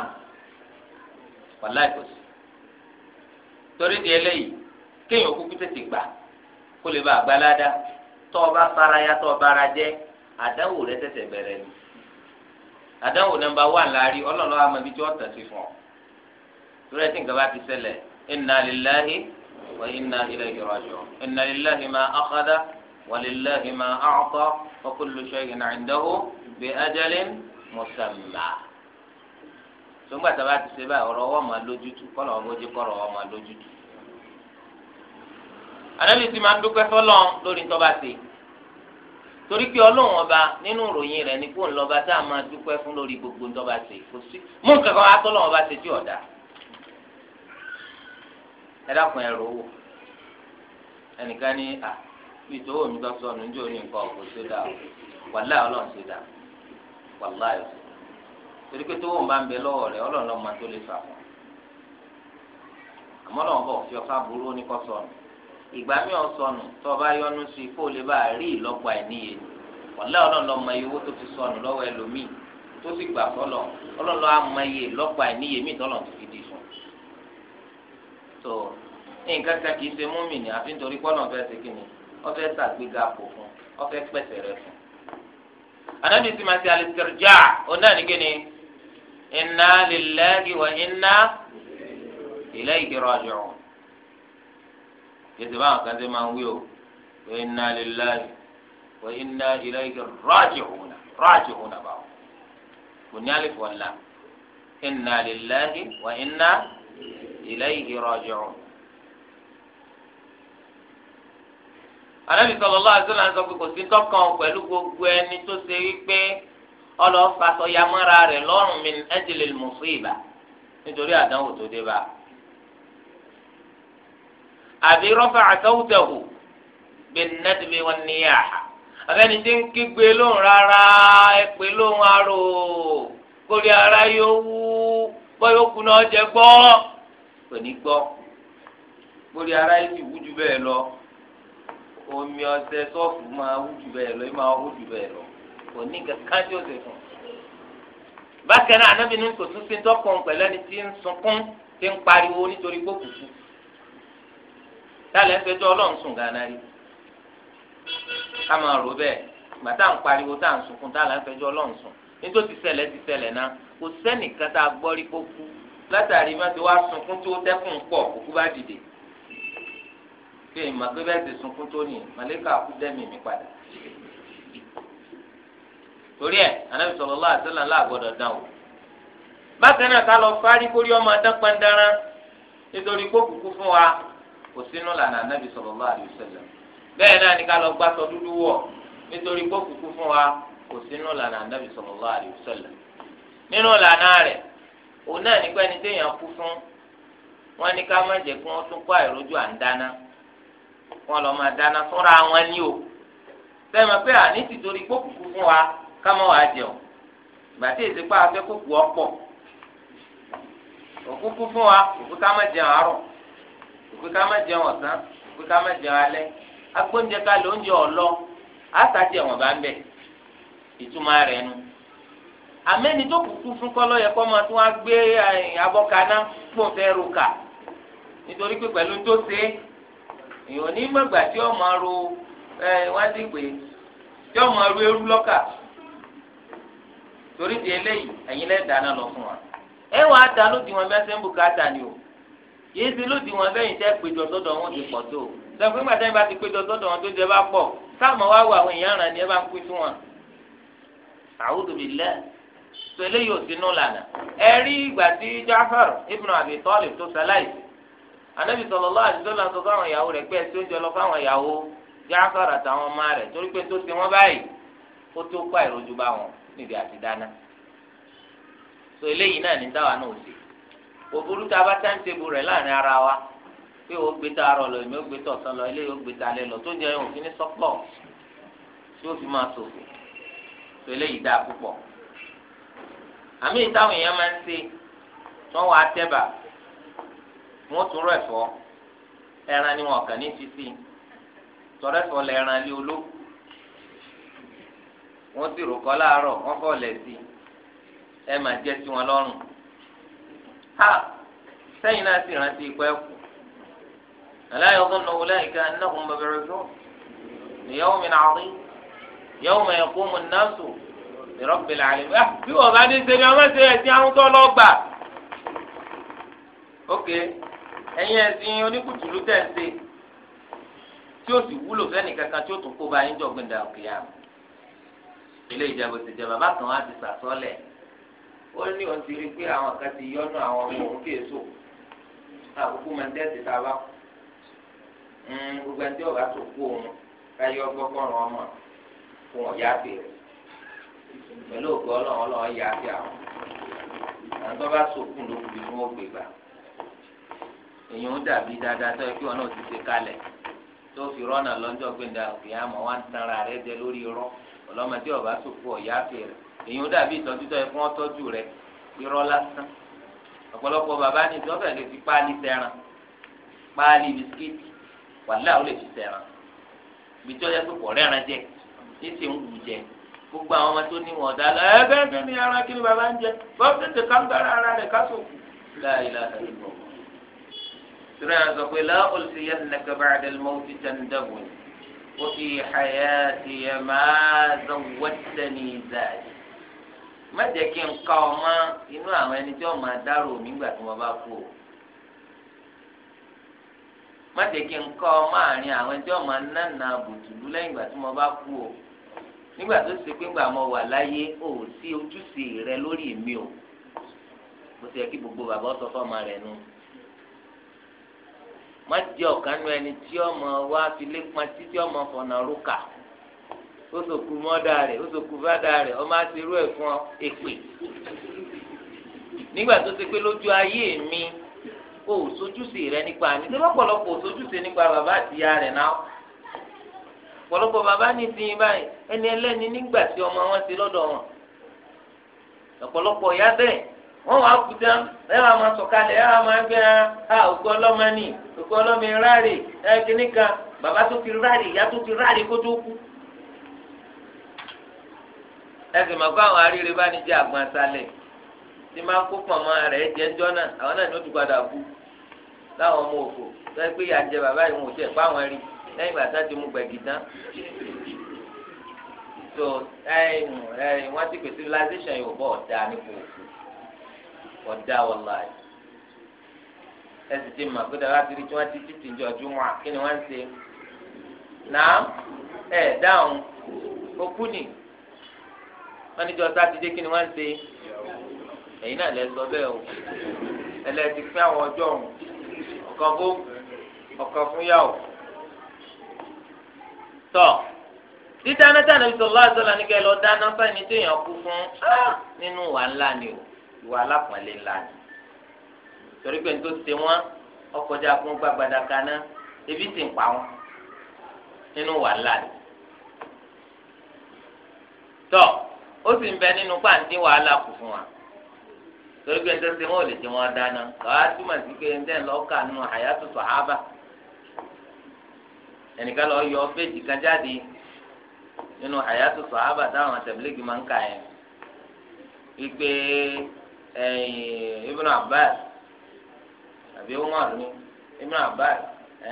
wàláì kò sí torí di eléyìí kéèyàn kúkú tètè gbà kó lè bá àgbàládá tọ́ ọ bá faraya tọ́ ọ bára jẹ́ àdánwò rẹ tẹ̀tẹ̀ bẹ̀rẹ̀ ni àdánwò nàmbà wà láàrin ọlọ́run àmọ́ ibi tí wọ́n tẹ̀ sí fún torí ẹtí nǹkan bá ti ṣẹlẹ̀ inna lillahi wa inna ilayhi raji'un inna lillahi ma akhadha wa lillahi ma a'ta wa kullu shay'in 'indahu bi ajalin musamma sọgbà tá a bá ti ṣe báyìí ọ̀rọ̀ ọwọ́ máa lójútu kọ́lọ̀ ọmọ ojú kọ́lọ̀ ọwọ́ máa lójútu. ànábì ti máa ń dúpẹ́ fọlọ́n lórí tó bá ṣe torí pé ọlọ́run ọba nínú ìròyìn rẹ̀ ní kó ń tá a máa dúpẹ́ fún lórí gbogbo tó ṣe kò sí mú nǹkan kan ọba ṣe tí ọ̀dà ẹ dákun ẹ rò wò ẹnìkan ní à bí ìtòwò mi bá sọ ọ̀nà ojú òní nǹkan ọ̀gbọ̀n ṣe dà wàláì ọlọ́run ṣe dà wàláì ọ̀sẹ̀ torí pé tówó ń bá ń bẹ lọ́wọ́ rẹ̀ ọlọ́run lọ́mọ tó lè fà wọ́n àmọ́ lọ́wọ́ bọ̀ fi ọ̀fà burú ní kọ́ sọnù ìgbà mi ò sọnù tó o bá yọnu sí i kó o lè bá a rí ìlọ́pọ̀ àìníye wàláì ọlọ́run lọ́mọ iye owó tó ti sọnù lọ́wọ́ ẹlòmíì tó sì nǹkan kan kì í ṣe múmìnì àfi nítorí pọ́nà ọ̀fẹ́ ṣe kí ni ọ̀fẹ́ ṣàgbéga àpò fún ọ̀fẹ́ pẹ̀sẹ̀ rẹ fún. ànábì sì máa ṣe alìsirjà òun náà ní kí ni inna lillahi wa inna ilayhi báwọn kan ṣe máa ń wí o inna lillahi wa inna ilayhi raji'un raji'un báwọn kò ní alif wal lam inna lillahi wa inna ilayhi raji'un. anabi sọlọlọ àdúrà ń sọ pé kò sí tọkàn pẹ̀lú gbogbo ẹni tó ṣe wípé ọlọ́fàṣọ yamọ́ra rẹ̀ lọ́rùn min ajli al-musiba nítorí àdánwò tó dé bá. àbí rafa'a sawtahu bin-nadbi wan-niyaha abẹ́ni tí ń kígbe lóhùn rárá ẹ̀pẹ́ lóhùn arò kórè ara yóò wú bọ́yọ̀ kú náà jẹ gbọ́ kò kórè ara yóò wú ju bẹ́ẹ̀ lọ omi ọṣẹ sọ́ọ̀fù máa hú jù bẹ́ẹ̀ lọ yìí máa hú jù bẹ́ẹ̀ lọ kò ní kankan tí ó ṣe fún un. bákan náà anábì ní kò tún sí tọkùn pẹ̀lú ẹni tí ń sunkún tí ń pariwo nítorí gbókùnkùn. dálẹ́ ń fẹjọ́ ọlọ́run sùn gánà rí ká máa rò bẹ́ẹ̀ ìgbà tá à ń pariwo tá à ń sunkún dálẹ́ ń fẹjọ́ ọlọ́run sùn nítorí ti ṣẹlẹ̀ ti ṣẹlẹ̀ náà kò sẹ́nìkan tá a gbọ́ rí kó látàrí má ti wá sunkún tí ó tẹ́kùn pọ̀ òkú bá dìde pé ìmọ̀ pé bẹ́ẹ̀ ti sunkún tó nì màlẹ́kà kú dẹ́mi mi padà. torí ẹ anabi sallallahu alaihi wasallam láàgbọ́dọ̀ dán o. bákan náà ká lọ fárí kórí ọmọ adán pandára nítorí kó kúkú fún wa kò sínú lànà anabi sallallahu alaihi wasallam. bẹ́ẹ̀ náà ni ká lọ gbàtọ dúdú wọ̀ nítorí kó kúkú fún wa kò sínú lànà anabi sallallahu alaihi wasallam. nínú lànà rẹ̀ òun náà nípa ẹni ní ká má jẹ kí wọn tún kó àìrójú à ń dáná wọn lọ máa dáná fúnra wọn ní o sẹ́mi pé àní ti torí kókùkù fún wa ká mọ́ wàá jẹun ìgbà tí èsì pa afẹ́ kókù ọ̀pọ̀ òkúkú fún wa òkú ká jẹun àárọ̀ òkú ká jẹun ọ̀sán òkú jẹun alẹ́ agbóúnjẹ ká jẹ ọ̀lọ́ àtàjẹ wọn bá ń bẹ̀ ìtumọ̀ rẹ̀ nu àmẹ́ni tó kúkú fún kọ́lọ́ yẹ kọ́ máa tún wá gbé abọ́kaná pọ̀ fẹ́ ro kà nítorí pé pẹ̀lú tó èèyàn ní mọ̀gbà tí ó máa ro ẹ wá sí pé tí ó máa ro eru lọ́kà torí di eléyìí ẹ̀yin lẹ́ dáná lọ fún wa ẹ wà á dáná lódì wọn bẹ́ẹ̀ sẹ́ńbù káàtà ni o yìí ti lódì wọn lẹ́yìn tẹ́ péjọ sọ́dọ̀ wọn ti pọ̀ tó sẹ́ńbù nígbà tẹ́yìn bá ti péjọ sọ́dọ̀ wọn tó jẹ bá pọ̀ táwọn wá wo àwọn èèyàn rẹ̀ ni ẹ bá ń pín fún wọn àwùjọ bíi lẹ́ẹ̀ sọ eléyìí ò sínú lànà ẹ rí ìgbà tí Jafar ibn Abi Talib tó sẹ́láìsì anabi sallallahu alaihi wasallam sọ fáwọn ìyàwó rẹ̀ pé ẹsẹ oúnjẹ lọ fáwọn ìyàwó Jaafar àtàwọn ọmọ rẹ̀ torí pé tó ṣe wọn báyìí ó tó kó àìrojú bá wọn níbi àti dáná so eléyìí náà ní dáwà náà ṣe òbúrú tá a bá táǹtẹ̀bù rẹ̀ láàrin ara wa pé ó gbé tààrọ̀ lọ èmi ó gbé tọ̀sán lọ eléyìí ó gbé talẹ́ lọ tó jẹ́ òfin ní sọ́pọ̀ tí ó fi máa ṣòfò so eléyìí dáa púpọ̀ àmì ìtàwọn èèyàn máa ń ṣe tí wọ́n wá tẹ́bà wọn tún rọ ẹ̀fọ́ ẹran ni wọn kàn ní fífi tọrọ ẹ̀fọ́ lẹ ẹran lé oló wọn sì rò kọ láàárọ̀ wọn fọ lẹ sí ẹ máa jẹ sí wọn lọ́rùn ha sẹ́yìn náà sì rántí ikọ ẹkù aláyọ gbọmọ ọláyìíká anáhùn bàbẹrẹ fún ìyàwó mi nàá rí ìyàwó mi ẹkú mu náà sùn ìrọ́pẹ̀lẹ̀ àlẹ́ bí wọ́n bá dé sẹ́yìn ọmọ sẹ́yìn ẹ̀sìn àwọn tó lọ́ọ́ gbà ókè. Okay ẹ̀yin ẹ̀sìn oníkùtùlù tẹ̀sí tí ó sì wúlò fẹ́ni kankan tí ó tún kó ba yín jọ gbẹ̀dà òkèèyàn ilé ìjẹ́bù ti jẹ bàbá kan wá ti sàsọ́lẹ̀ ó ní òun ti rí pé àwọn kan ti yọnu àwọn ọmọ òun kì àkókò máa ń tẹ̀sí tá a bá hmm, gbogbo ẹni tí ọba tó kú òun káyọ gbọ́kọ̀rọ̀ ọmọ fún ọ̀yá bèrè pẹ̀lú ògbọ́ ọlọ́run ọlọ́run yá sí àwọn àwọn tó bá sòkùn ló kù bí wọ́n gbé gbà èyí ń dàbí dáadáa tó yẹ kí wọn náà ti ṣe kalẹ̀ tó fi rọ́nà lọ́jọ́ gbẹ̀dà òkèèyàmọ̀ wá ń tanra rẹ jẹ lórí irọ́ ọlọ́mọdé ọ̀bá sòfò ọ̀yá fèrè èyí ń dàbí ìtọ́jú tó yẹ kí wọ́n tọ́jú rẹ irọ́ lásán ọ̀pọ̀lọpọ̀ bàbá ni tí wọ́n fẹ̀ lè fi páálí tẹran páálí bisikíìtì wàhálà ó lè fi tẹran ibi tó yẹ kó pọ̀ rẹ́ran jẹ ní ti ń wù jẹ gbogbo àwọn ọmọ tó ní wọn dá lọ ẹ bẹ́ẹ̀ bẹ́ẹ̀ ni ara kí ni bàbá ń jẹ bọ́ọ̀ tètè ká ń gbára ara rẹ̀ ká sòkù láìláà sùrẹ́ yẹn sọ pé la ulfiyannaka ba'da al-mawti tandabun wa fi hayatiya ma zawwadtani zadi má jẹ́ kí n ká ọ mọ́ inú àwọn ẹni tí wọ́n máa dárò mí gbà tí wọ́n bá kú o má jẹ́ kí n ká ọ mọ́ àárín àwọn ẹni tí wọ́n máa nánà bùtùlù lẹ́yìn ìgbà tí wọ́n bá kú o nígbà tó ṣe pé ńgbà mo wà láyé o ò sí ojúṣe rẹ lórí mi o mo ti yẹ kí gbogbo bàbá ọ sọ fọmọ rẹ nu. No má jẹ́ ọ̀kan nu ẹni tí ọmọ wa fi lé pọn títí ọmọ fọ̀nà rúkà ó sòkú mọ́dà rẹ̀ ó sòkú fádà rẹ̀ ọmọ àti irú ẹ̀ fún èpè nígbà tó ṣe pé lójú ayé mi kò sójúṣe rẹ nípa mi tó lọ́pọ̀lọpọ̀ sójúṣe nípa bàbá àti ìyá rẹ̀ náà pọ̀lọpọ̀ bàbá ní ti yín báyìí ẹni ẹlẹ́ni nígbà tí ọmọ wọn ti lọ́dọ̀ wọn ọ̀pọ̀lọpọ̀ ìyá bẹ́ẹ̀ wọ́n wàá kú tán ẹ wàá máa sọ̀kalẹ̀ ẹ wàá máa gbé ẹ àwùjọ ọlọ́mọ nìyí òkú ọlọ́mi rárì ẹ kìíní kan bàbá tó ti rárì ìyá tó ti rárì kó tó kú. ẹ sì mọ̀ pé àwọn aríire bá ní jẹ́ àgbọn aṣálẹ̀ tí máa ń kó pọ̀nmọ́ rẹ̀ jẹ́ ńjọ́ náà àwọn náà ni ó ti padà kú láwọn ọmọ òfò lọ́ọ́ pé ìyá jẹ bàbá ìwọ̀n òṣèlú pa àwọn ẹ̀rí lẹ́yìn ìgbà tá ti mú gbẹ̀gì tán. so wọ́n ti pèsè civilization yóò bọ̀ ọ̀dà nípò òfò ọ̀dà wọláì ẹsì ti mà pé dàgbà tiri tí wọn ti títì jọ ju wọn kí ni wọn ṣe náà ẹ dáhùn okú ni wọn níjọ sátidé kí ni wọn ṣe ẹ̀yin náà lẹ sọ bẹ́ẹ̀ o ẹlẹti fún àwọn ọjọ́ ọhún ọkàn fún ọkàn fún yàwó tọ dídáná dáná bí sọlá àzọlá ní kẹ lọ dáná fẹni tó yàn kú fún nínú wà ńlá ni o ìwà alápọ̀nlé ńlá ni. torí pé nítorí ṣe wọn ọkọjá fún gbàgbàdà kaná ebi sì ń pa wọn nínú wàhálà tọ ó sì ń bẹ nínú pàǹtí wàhálà kù fún wa torí pé nítorí ṣe wọn ò lè jẹ wọn dáná kàwá túmọ̀ sí pé ẹ̀ ń lọ́ọ́ kà nínú hayatu sahaba ẹnìkan lọ yọ péjì kan jáde nínú táwọn àbí Umar ní Ibn Abbas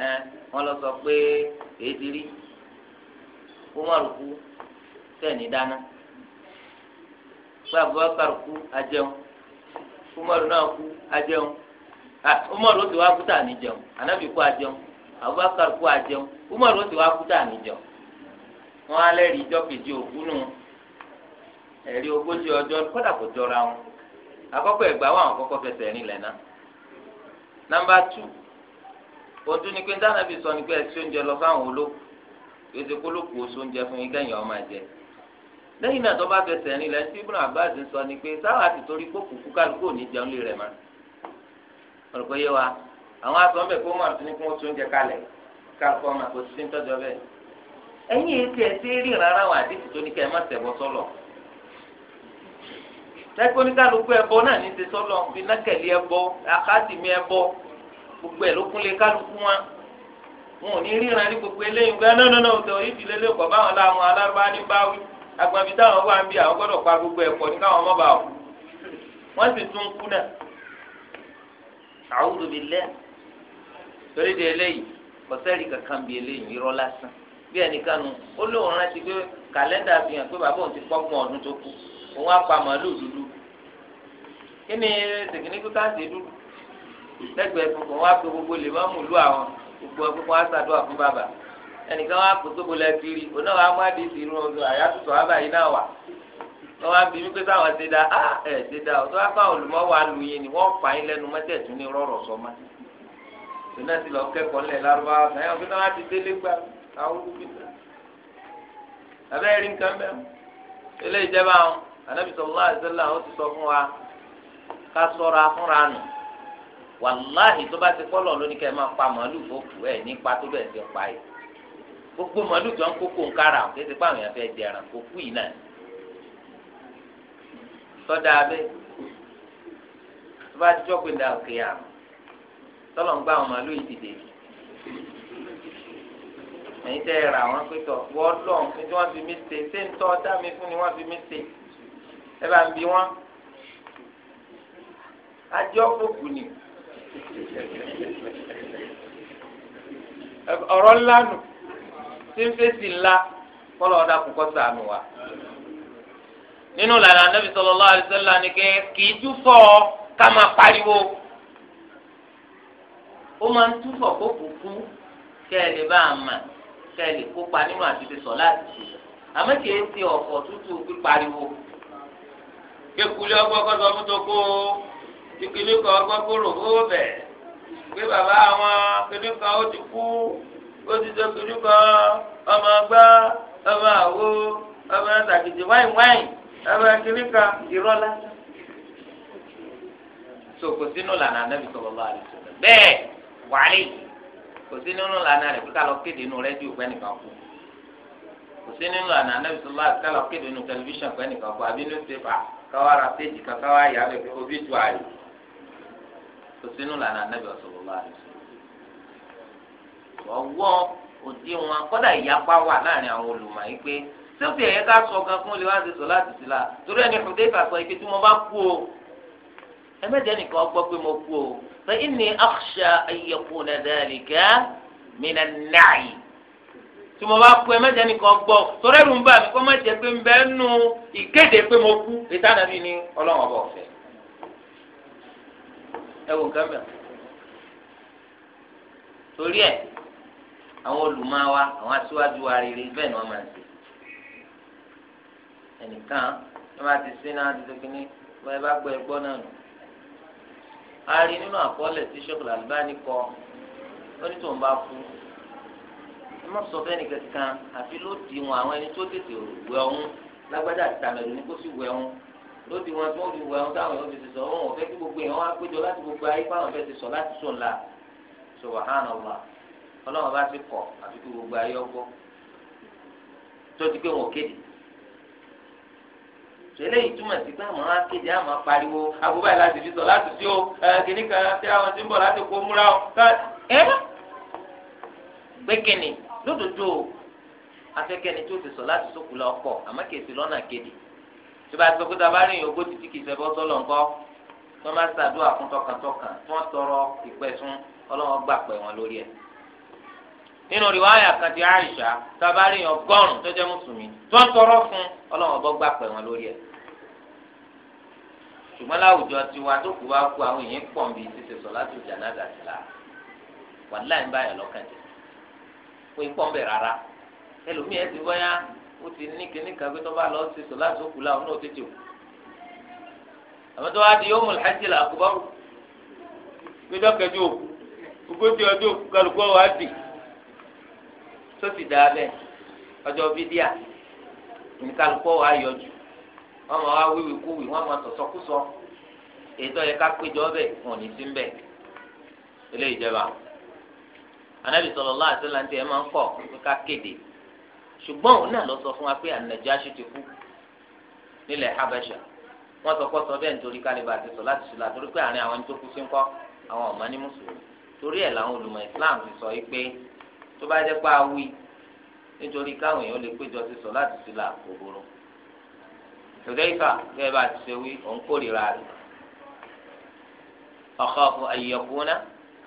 ẹ̀ wọ́n lọ sọ pé èdè rí Umar kú tẹ̀ní dáná pé Abubakar kú ajẹun Umar náà kú ajẹun Umar ló ti wá kú tà ní jẹun Ànábì kú ajẹun Abubakar kú ajẹun ti wá kú tà ní jẹun wọn alẹ́ rí ijọ́ kejì òkú nù ẹ̀rí ogójì ọjọ́ kò jọra wọn akọ́kọ́ ẹ̀gbá àwọn fẹsẹ̀ rìn lẹ́nà nàmbà tù ojú ni pé dánàbì sọ ni pé ẹsẹ oúnjẹ lọ fáwọn olóko ètò ìpolókù oṣù oúnjẹ fún yín kẹyìn ọmọ jẹ lẹ́yìn náà tó bá fẹsẹ̀ rìn lẹ́yìn tí ibùdó àbáàdì sọ ni pé sáwà ti torí kókù kú kálukú òní jẹun lè rẹ̀ mọ́ ọ̀rọ̀kọ yé wa àwọn asọ̀n bẹ̀ kó mọ̀ àti ní kó oṣù oúnjẹ kalẹ̀ kálukú ọmọ àti oṣù tí ń tọ́jọ́ bẹ́ẹ̀ ẹ̀yìn ètò ẹ̀sẹ̀ rí rárá àdìsí tó ní kẹ́ ẹ má tẹ̀wọ́ sọ́lọ̀ tẹ́kọ́ ní kálukú ẹbọ náà ní ti sọ́lọ́ ìnákẹ̀lé ẹbọ àkátìmí ẹbọ gbogbo ẹ̀ ló kún lé kálukú wọn wọn ò ní ríran ní gbogbo eléyìí gbẹ náà náà tẹ orí ìdílé lè báwọn láwọn alárúbá ní gbogbo ẹ̀kọ́ ní káwọn sì tún kú náà àwùjọ torí eléyìí kankan eléyìí irọ́ lásán bí ó lóun rántí pé kàlẹ́ndà fi hàn pé bàbá òun ti òun á pa màálùú dúdú kí ni tẹkíníkù táǹtì dúdú lẹ́gbẹ̀ẹ́ funfun wọn á pe gbogbo lè má múlù àwọn gbogbo ẹgbẹ́ wọn á ṣàdúrà fún bàbá ẹnìkan wọn á pè gbogbo kiri òun náà wọn á má di ìsìn irun ọdún àyàtútù àbáyé náà wà wọn wá bí wípé táwọn ṣe dá á ẹ ṣe dá ọ tó wá fáwọn olùmọwà lu yẹn ni wọn pa yín lẹ́nu mọtẹẹtù ní rọrọ sọmọ tòun náà ti lọ kẹ́kọ̀ọ́ lẹ lárúbáwá náà yọ pé náà ti délé gbà àwọn olùkíta abẹ́rẹ́ nǹkan bẹ́ẹ̀ eléyìí jẹ́ báwọn anabi sallallahu alaihi wasallam ó ti sọ fún wa ká ṣọ́ra fúnra nù wàláhì tó bá ti kọ́ lọ́ọ̀ lónìí kẹ́ ẹ máa pa màálù fòkù ẹ̀ nípa tó bẹ̀ ti pa yìí gbogbo màálù tó ń kókó nkárà ò kéde pé àwọn èèyàn fẹ́ di ẹran kó kú yìí náà sọ́dà abẹ́ tó bá jọ́ pé ndà òkè à tọ́lọ̀ ń gbá àwọn màálù yìí dìde ẹ̀yin tẹ́ ẹ ra wọn pé tọ̀ wọ́ọ́ fi mí ṣe ṣé ń tọ́ mi fún ni wọ́n fi mí ṣe ẹ bá ń bi wọn adé ọkọọkù ni ọ̀rọ̀ ńlá nù tí ń fèsì ńlá kọlọ ọdà kúkọ sànù wa nínú lànà anábì sallallahu alaihi wasallam ni kẹ kì í túfọ̀ ká máa pariwo ó máa ń túfọ̀ kó kúkú kẹ ẹ lè bá a mà kẹ ẹ lè kópa nínú àti ti sọ láti kì í ti ọ̀fọ̀ tútù pípariwo kékulé ọgbọ kọsọ fún toko ìkíní kan ọgbọ kóró owó bẹ pé bàbá àwọn kíní kan ó ti kú ó ti tó kíní kan ọmọ gbá ọmọ àwo ọmọ tàkìtì wáìn wáìn ọmọ kíní kan ìrọlá so kò sínú lànà anábì sọlọ lọ àdìsọ bẹ́ẹ̀ wàhálì kò sínú lànà rẹ kíkà lọ kéde inú rẹdíò gbẹnìkan kú kò sínú lànà anábì sọlọ àdìsọ kíkà lọ kéde inú tẹlifíṣàn gbẹnìkan kú Abi nínú pépà káwá ra péjì kan káwá yà á bẹ̀rẹ̀ ojú ìjọ àyè kò sínú lànà anábì sallallahu alaihi wasallam ọwọ́ òdi wọn kọ́dà ìyapa wà láàrin àwọn olùmọ̀ yìí pé sọ́fì ẹ̀yẹ ká sọ gan fún olùwà àdìsọ láti sílá torí ẹni Hudayfa sọ ibi tí mo bá kú o ẹ mẹ́jẹ nìkan gbọ́ pé mo kú o fa inni akhsha an yakuna dhalika minan na'i tí mo bá kú ẹ mẹ́jẹ nìkan gbọ́ torí ẹ̀rù ń bà mí kó má jẹ́ pé ń bẹ nù ìkéde pé mo kú ètò ànábì ní ọlọ́run ọba ọ̀fẹ́ ẹ wò nǹkan mẹ́rin torí ẹ̀ àwọn olùmọ̀wá àwọn aṣíwájú wa rere bẹ́ẹ̀ ni wọ́n máa ń ṣe ẹnìkan wọ́n bá ti sí náà ti tó kínní wọ́n bá gbọ́ ẹgbọ́ náà nù a rí nínú àkọọ́lẹ̀ tí sọ́kùlà Albani kọ ó ní tòun bá kú ẹ má sọ fẹ́ni kankan àfi ló di wọn àwọn ẹni tó tètè wẹ ọ̀hún lágbádá àtàmẹ̀lú ni kó sì wẹ ọ̀hún ló di wọn tí wọn fi wẹ ọ̀hún táwọn yóò fi ti sọ wọn ò fẹ́ kí gbogbo èèyàn wá péjọ láti gbogbo ayé fáwọn fẹ́ ti sọ láti sùn la subhanallah ọlọ́run bá ti kọ̀ àfi kí gbogbo ayé ọgbọ́ tó ti pé wọn ò kéde tẹ́lẹ̀ ìtumọ̀ sí pé àwọn akéde àmọ́ pariwo àbúrò àyè láti fi sọ láti sí o kìnnìkan tí àwọn ti ń bọ̀ láti kó múra o ẹ gbẹ́kẹ̀ni lódodo afẹ́kẹ́ni tó ti sọ láti sókù lọ pọ̀ àmọ́ kèsì lọ́nà kéde tó bá gbé kótó abárí yìí ogójì tí kìí sẹ́bọ́ sọ́lọ̀ ńkọ́ tó máa ṣàdúrà fún tọkàntọkàn tó ń tọrọ ìpẹ̀sùn ọlọ́wọ́n gbà pẹ̀ wọn lórí ẹ̀. nínú rìwáyà kan ti àìsà tó abárí yìí ọgọ́rùn tó jẹ́ mùsùlùmí tó ń tọrọ fún ọlọ́wọ́n bọ́ gbà pẹ̀ wọn lórí ẹ̀. ṣùgbọ́n láwùjọ tiwa tó kù bá kú àwọn èèyàn pọ̀ ń bi ti ṣe sọ láti ìjà náà dàtí la wàláì ń báyà lọ́kàn jẹ́ pé ń pọ́nbẹ̀ rara ẹlòmíì ẹ ti wáyà ó ti ní kíní kan baa tó bá lọ sí sọ láti òkú làwọn náà tètè o àmọ́ tó wá di yóò mú ìlàjì là kó bá wù péjọ kẹjọ òkú ogójì ọjọ́ òkú kálukú ọwọ́ tó ti dáa bẹ́ẹ̀ ọjọ́ bídíà ní kálukú ọwọ́ á yọjú wọ́n máa wá wíwì kúwì wọ́n máa sọ̀sọ́kúsọ èyí tó yẹ ká péjọ bẹ́ẹ̀ wọn ní sí bẹ́ẹ̀ eléyìí jẹba. anabi sallallahu alaihi wasallam ẹ máa ń kọ pé ká kéde ṣùgbọ́n òun náà lọ sọ fún wa pé ànàjáṣu ti kú nílẹ̀ habẹ́ṣà wọ́n sọ pọ́sọ bẹ́ẹ̀ nítorí kálíbà ti sọ láti ṣùlá torí pé àárín àwọn tó kú sí ń kọ́ àwọn ọ̀mọ́ ní mùsùlùmí torí ẹ̀ làwọn olùmọ̀ islam ti sọ pé tó bá jẹ́ pé a wí nítorí káwọn èèyàn lè péjọ ti sọ láti ṣùlá kòkòrò tòdẹ́fà bẹ́ẹ̀ bá ti ṣe wí òun kórìíra rẹ̀ ọ̀kọ́ fún ayẹ̀kúnná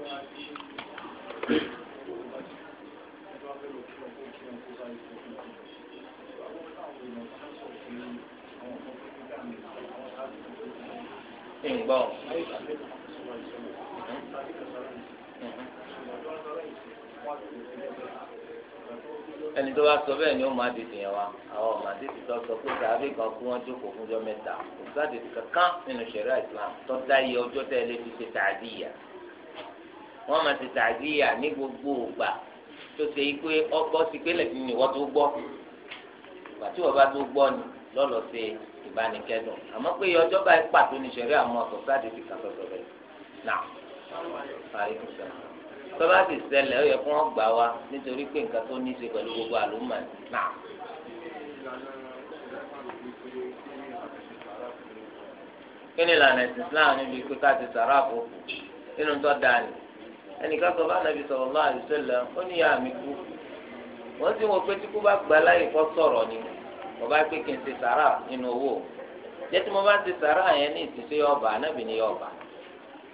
gbọ́. Um ẹni tó bá sọ bẹ́ẹ̀ ni ó máa dìde yẹn wa àwọn ọmọ àdìsí tó sọ pé sàbí kan kú wọn jókòó fúnjọ́ mẹ́ta kò sáà kankan nínú ṣẹ̀ríà Islam tó dá iye ọjọ́ tẹ́ ẹ lé fi ṣe tààdí yà wọ́n máa ti tàbíyà ní gbogbo ògbà tó ṣe ikú ọgbọ́ sí pé lẹ́sìn ni wọ́n tó gbọ́ ìgbà tí wọ́n bá tó gbọ́ ni lọ́lọ́ ṣe ìbánikẹ́dùn àmọ́ pé ọjọ́ báyìí pàtó ní sẹ̀rí àwọn ọ̀tọ̀ sáà ti kà sọ̀tọ̀ rẹ̀ náà tọ́ba ti ṣẹlẹ̀ ó yẹ kó wọ́n gbà wá nítorí pé nǹkan tó ní í ṣe pẹ̀lú gbogbo àlùmọ̀ náà. kí ni ìlànà ìsìn Islam níbi pé ká ti sàrà àkókò nínú tó dáa nìyí ẹnìkan sọ bá nàbí sallallahu alaihi wasallam ó ní ìyá mi kú wọ́n sì wọ́n pé tí kú bá gba láyè kọ́ sọ̀rọ̀ ni mo bá pé kí n ṣe sàrà nínú owó jẹ́ tí mo bá ṣe sàrà yẹn ní ìsinsé ọba anábì ní ọba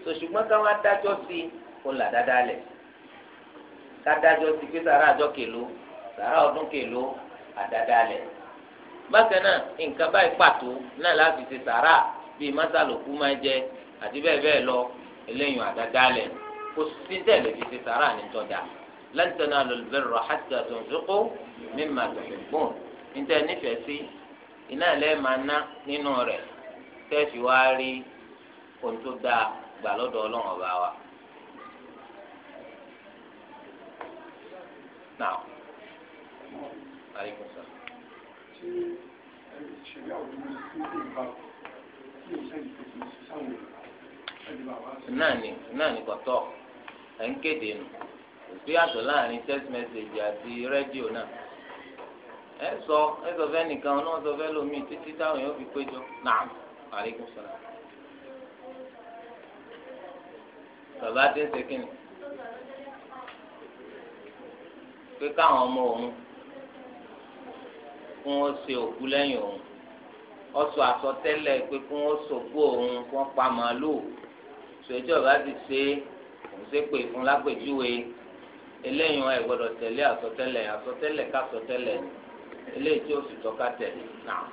tó ṣùgbọ́n ká wá dájọ́ sí kó là dáadáa lẹ̀ ká dájọ́ sí pé sàrà àjọ kèló sàrà ọdún kèló àdáadáa lẹ̀ bákan náà nǹkan báyìí pàtó náà láti ṣe sàrà bíi másàlòkú máa jẹ àti bẹ́ẹ̀ bẹ́ẹ̀ lọ eléyìn àdáadáa lẹ̀ kò sí tẹ̀lé fi ṣe sàrà ní tọ́jà lan tanalul birra hatta tunfiqu mimma tuhibbun níta nífẹ̀ẹ́ sí iná ẹ̀lẹ́ máa ná nínú rẹ̀ tẹ́ẹ̀fì wá rí ohun tó dáa gbà wa. Now, alaikum salam. náà ẹ̀ ń kéde nù òsì àtọ̀ láàrin text message àti rédíò náà ẹ sọ ẹ sọ fẹ́ nìkan náà sọ fẹ́ lómi títí táwọn èèyàn fi péjọ náà àríkùn sọ̀rọ̀ bàbá tí ń ṣe kínní pé káwọn ọmọ òun kí wọ́n ṣe òkú lẹ́yìn òun ọsọ àsọtẹ́lẹ̀ pé kí wọ́n ṣògbó òun kí wọ́n pa màálù ṣèjọba ti ṣe é. òsèpè fún lápèjúwe ẹ gbọ́dọ̀ tẹ̀lé àsọtẹ́lẹ̀ àsọtẹ́lẹ̀ kásọtẹ́lẹ̀ eléyìí tí o sì tọ́ka tẹ̀lé náà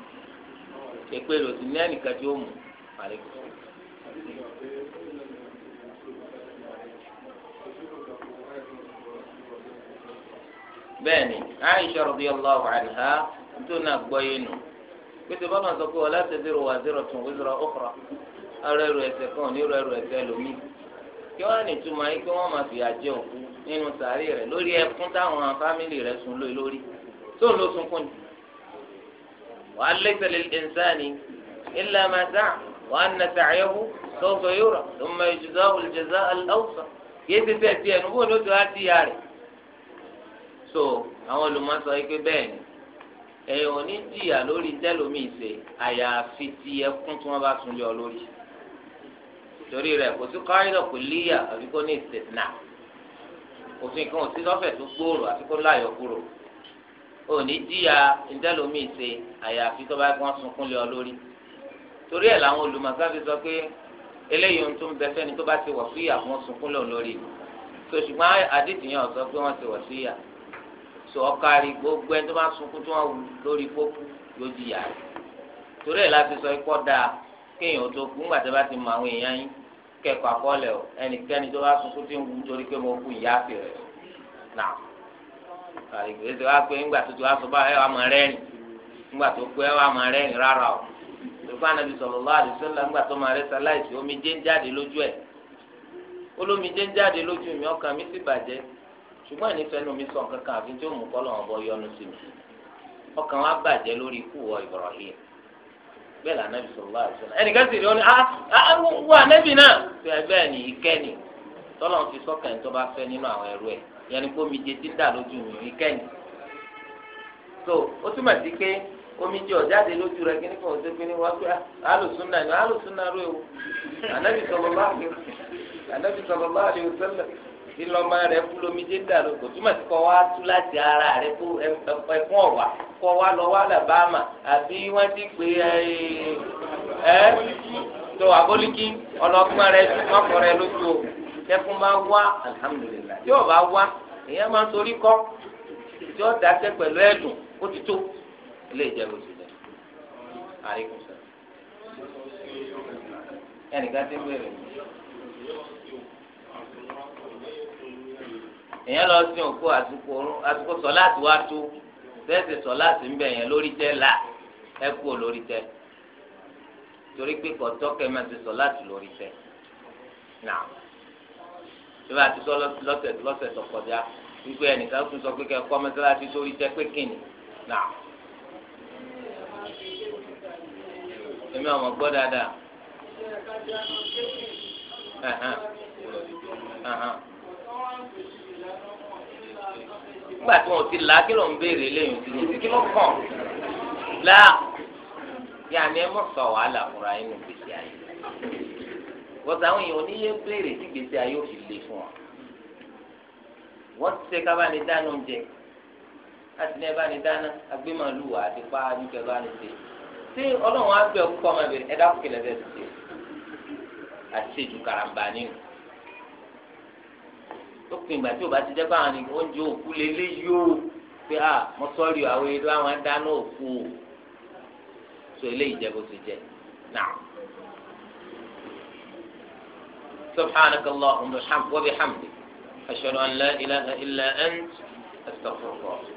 èpè rò sí ní ẹnìkan tí ó mú àlékún. bẹ́ẹ̀ni Aisha radiyallahu anha tó náà gbọ́ yé nu pété bọ́lá sọ pé zero taziru waziratun wizra ukhra arẹ́rù ẹ̀ṣẹ̀ kan ní lómi. kí wọ́n á ní túmọ̀ yìí pé wọ́n máa fìyà jẹ òkú nínú sàárè rẹ̀ lórí ẹkún táwọn fámìlì rẹ̀ sun lórí lórí tó ń lo sunkún ni. wà á laysa lil insani illa ma sa'a wa anna sa'yahu sawfa yura thumma yujzahu al-jazaa al kì í ti tẹ̀ tiẹ̀ níbo ló ti wá ti yà rẹ̀. so àwọn olùmọ̀sọ yìí bẹ́ẹ̀ ni èèyàn ò jìyà lórí tẹ́lómi ìṣe àyàfi ti ẹkún tí wọ́n bá sun lórí torí rẹ̀ kò sí káyọ̀ kò líyà àbí kò ní ìsìnà òfin kan ò sí lọ́fẹ̀ tó gbòòrò àti kó láyọ̀ kúrò ò ní díya ìdẹ́lómìí ṣe àyàfi tó bá gbọ́n sunkún lé ọ lórí torí ẹ̀ làwọn olùmọ̀sáfi sọ pé eléyìí ohun tó ń bẹ fẹ́ni tó bá ti wọ̀ síyà wọ́n sunkún lé ọ lórí tó ṣùgbọ́n àdìsí sọ pé wọ́n ti wọ̀ síyà tó ọkàrí gbogbo ẹni tó bá sunkún tó wọ́n lórí pópó yóò kéèyàn tó kú ńgbà tó bá ti mọ àwọn èèyàn yín kẹ́kọ̀ọ́ akọọlẹ o tó bá sunkún tí ń wù nítorí pé mo kú ìyá fi rẹ nà wa pé ńgbà tó tó wá sọ bá ẹwà wà rẹ ńgbà tó rẹ rárá o tòkó ńgbà tó omi ń jáde lójú olómi ń jáde mi ọkàn mi sì bàjẹ́ ṣùgbọ́n ìnífẹ̀ẹ́ àfi tí ó mú kọ́ lọ́wọ́ bọ́ yọnu sí mi bẹ́ẹ̀ la anabi sọ̀rọ̀ láàrin sọ̀rọ̀ ẹnìkan sì rí ọ ní ah, ah, ah, wọ anabi náà bẹ́ẹ̀ ni ìkẹ́ni tọ́lọ̀ ń fi sọ́kàn tó bá fẹ́ nínú àwọn ẹrú ẹ̀ ni kó mi jẹ ti dà lójú mi ìkẹ́ni so ó túmọ̀ sí pé omi jẹ ọ̀jáde lójú rẹ kí ní kò ṣe pé ní wọ́n pé alùsùn náà ni alùsùn náà rẹ̀ o anabi sọ̀rọ̀ anabi sọ̀rọ̀ ìlọmọ rẹ kú lomi dé dà lọ kò túmọ̀ sí kọ́ wá tú láti ara rẹ kó ẹ̀fún ọ̀wà kọ́ wá lọ wá làbámà àbí wọ́n ti pè é ẹ́ tó àbólíkí ọlọ́gbọ́n rẹ mọ́kọ rẹ lójú o tẹ́kùn bá wá alihamudulilayi yóò bá wá èèyàn máa torí kọ́ yóò dákẹ́ pẹ̀lú ẹ̀dùn ó ti tó ilé ìjẹun ti dẹ̀ àríkùsọ ẹnìkan ti ń bẹ̀rẹ̀ mi. èèyàn lọ sí òkú àsìkò sọláàtì wá tó sẹ́sẹ̀ sọláàtì ń bẹ̀ yẹn lórí tẹ́ là ẹ kú lórí tẹ́ torí pé kọ̀tọ́ kẹ́ máa ti sọláàtì lórí tẹ́ náà tí wọ́n ti sọ lọ́sẹ̀ lọ́sẹ̀ tó kọjá wípé ẹnìkan tún sọ pé kẹ́ kọ́ mọ́sálásí sórí tẹ́ pé kìnnì náà. èmi ọmọ gbọ́ dáadáa. Uh-huh. Uh-huh nígbà tí wọn ti là á kí ló ń béèrè lẹ́yìn tí wọn ti kí ló kàn là yàní ẹ mọ̀ sọ wàhálà fúnra yín nù gbèsè ayé wọ́n àwọn èèyàn oníyé béèrè tí gbèsè ayé òfin lè fún wa wọ́n ti ṣe kábà ní dáná oúnjẹ láti ní ẹbá ní dáná agbémàlú wa àti pa nípa ẹbá ní ṣe ṣé ọlọ́run á bẹ ọkọ ọmọ ẹbẹ̀rẹ̀ ẹ̀dá kò kìlẹ̀ bẹ́ẹ̀ ṣe àti ṣe ju karambà lópin ìgbà tí o bá ti jẹ́ báwọn oúnjẹ òkú lélẹ́ yóò pé a ah, mọ sọ́ọ̀rì àwọn èdè àwọn dáná òkú o so eléyìí jẹ́ bó ti jẹ́ náà. سبحانك اللهم وبحمدك أشهد أن لا إله إلا أنت أستغفرك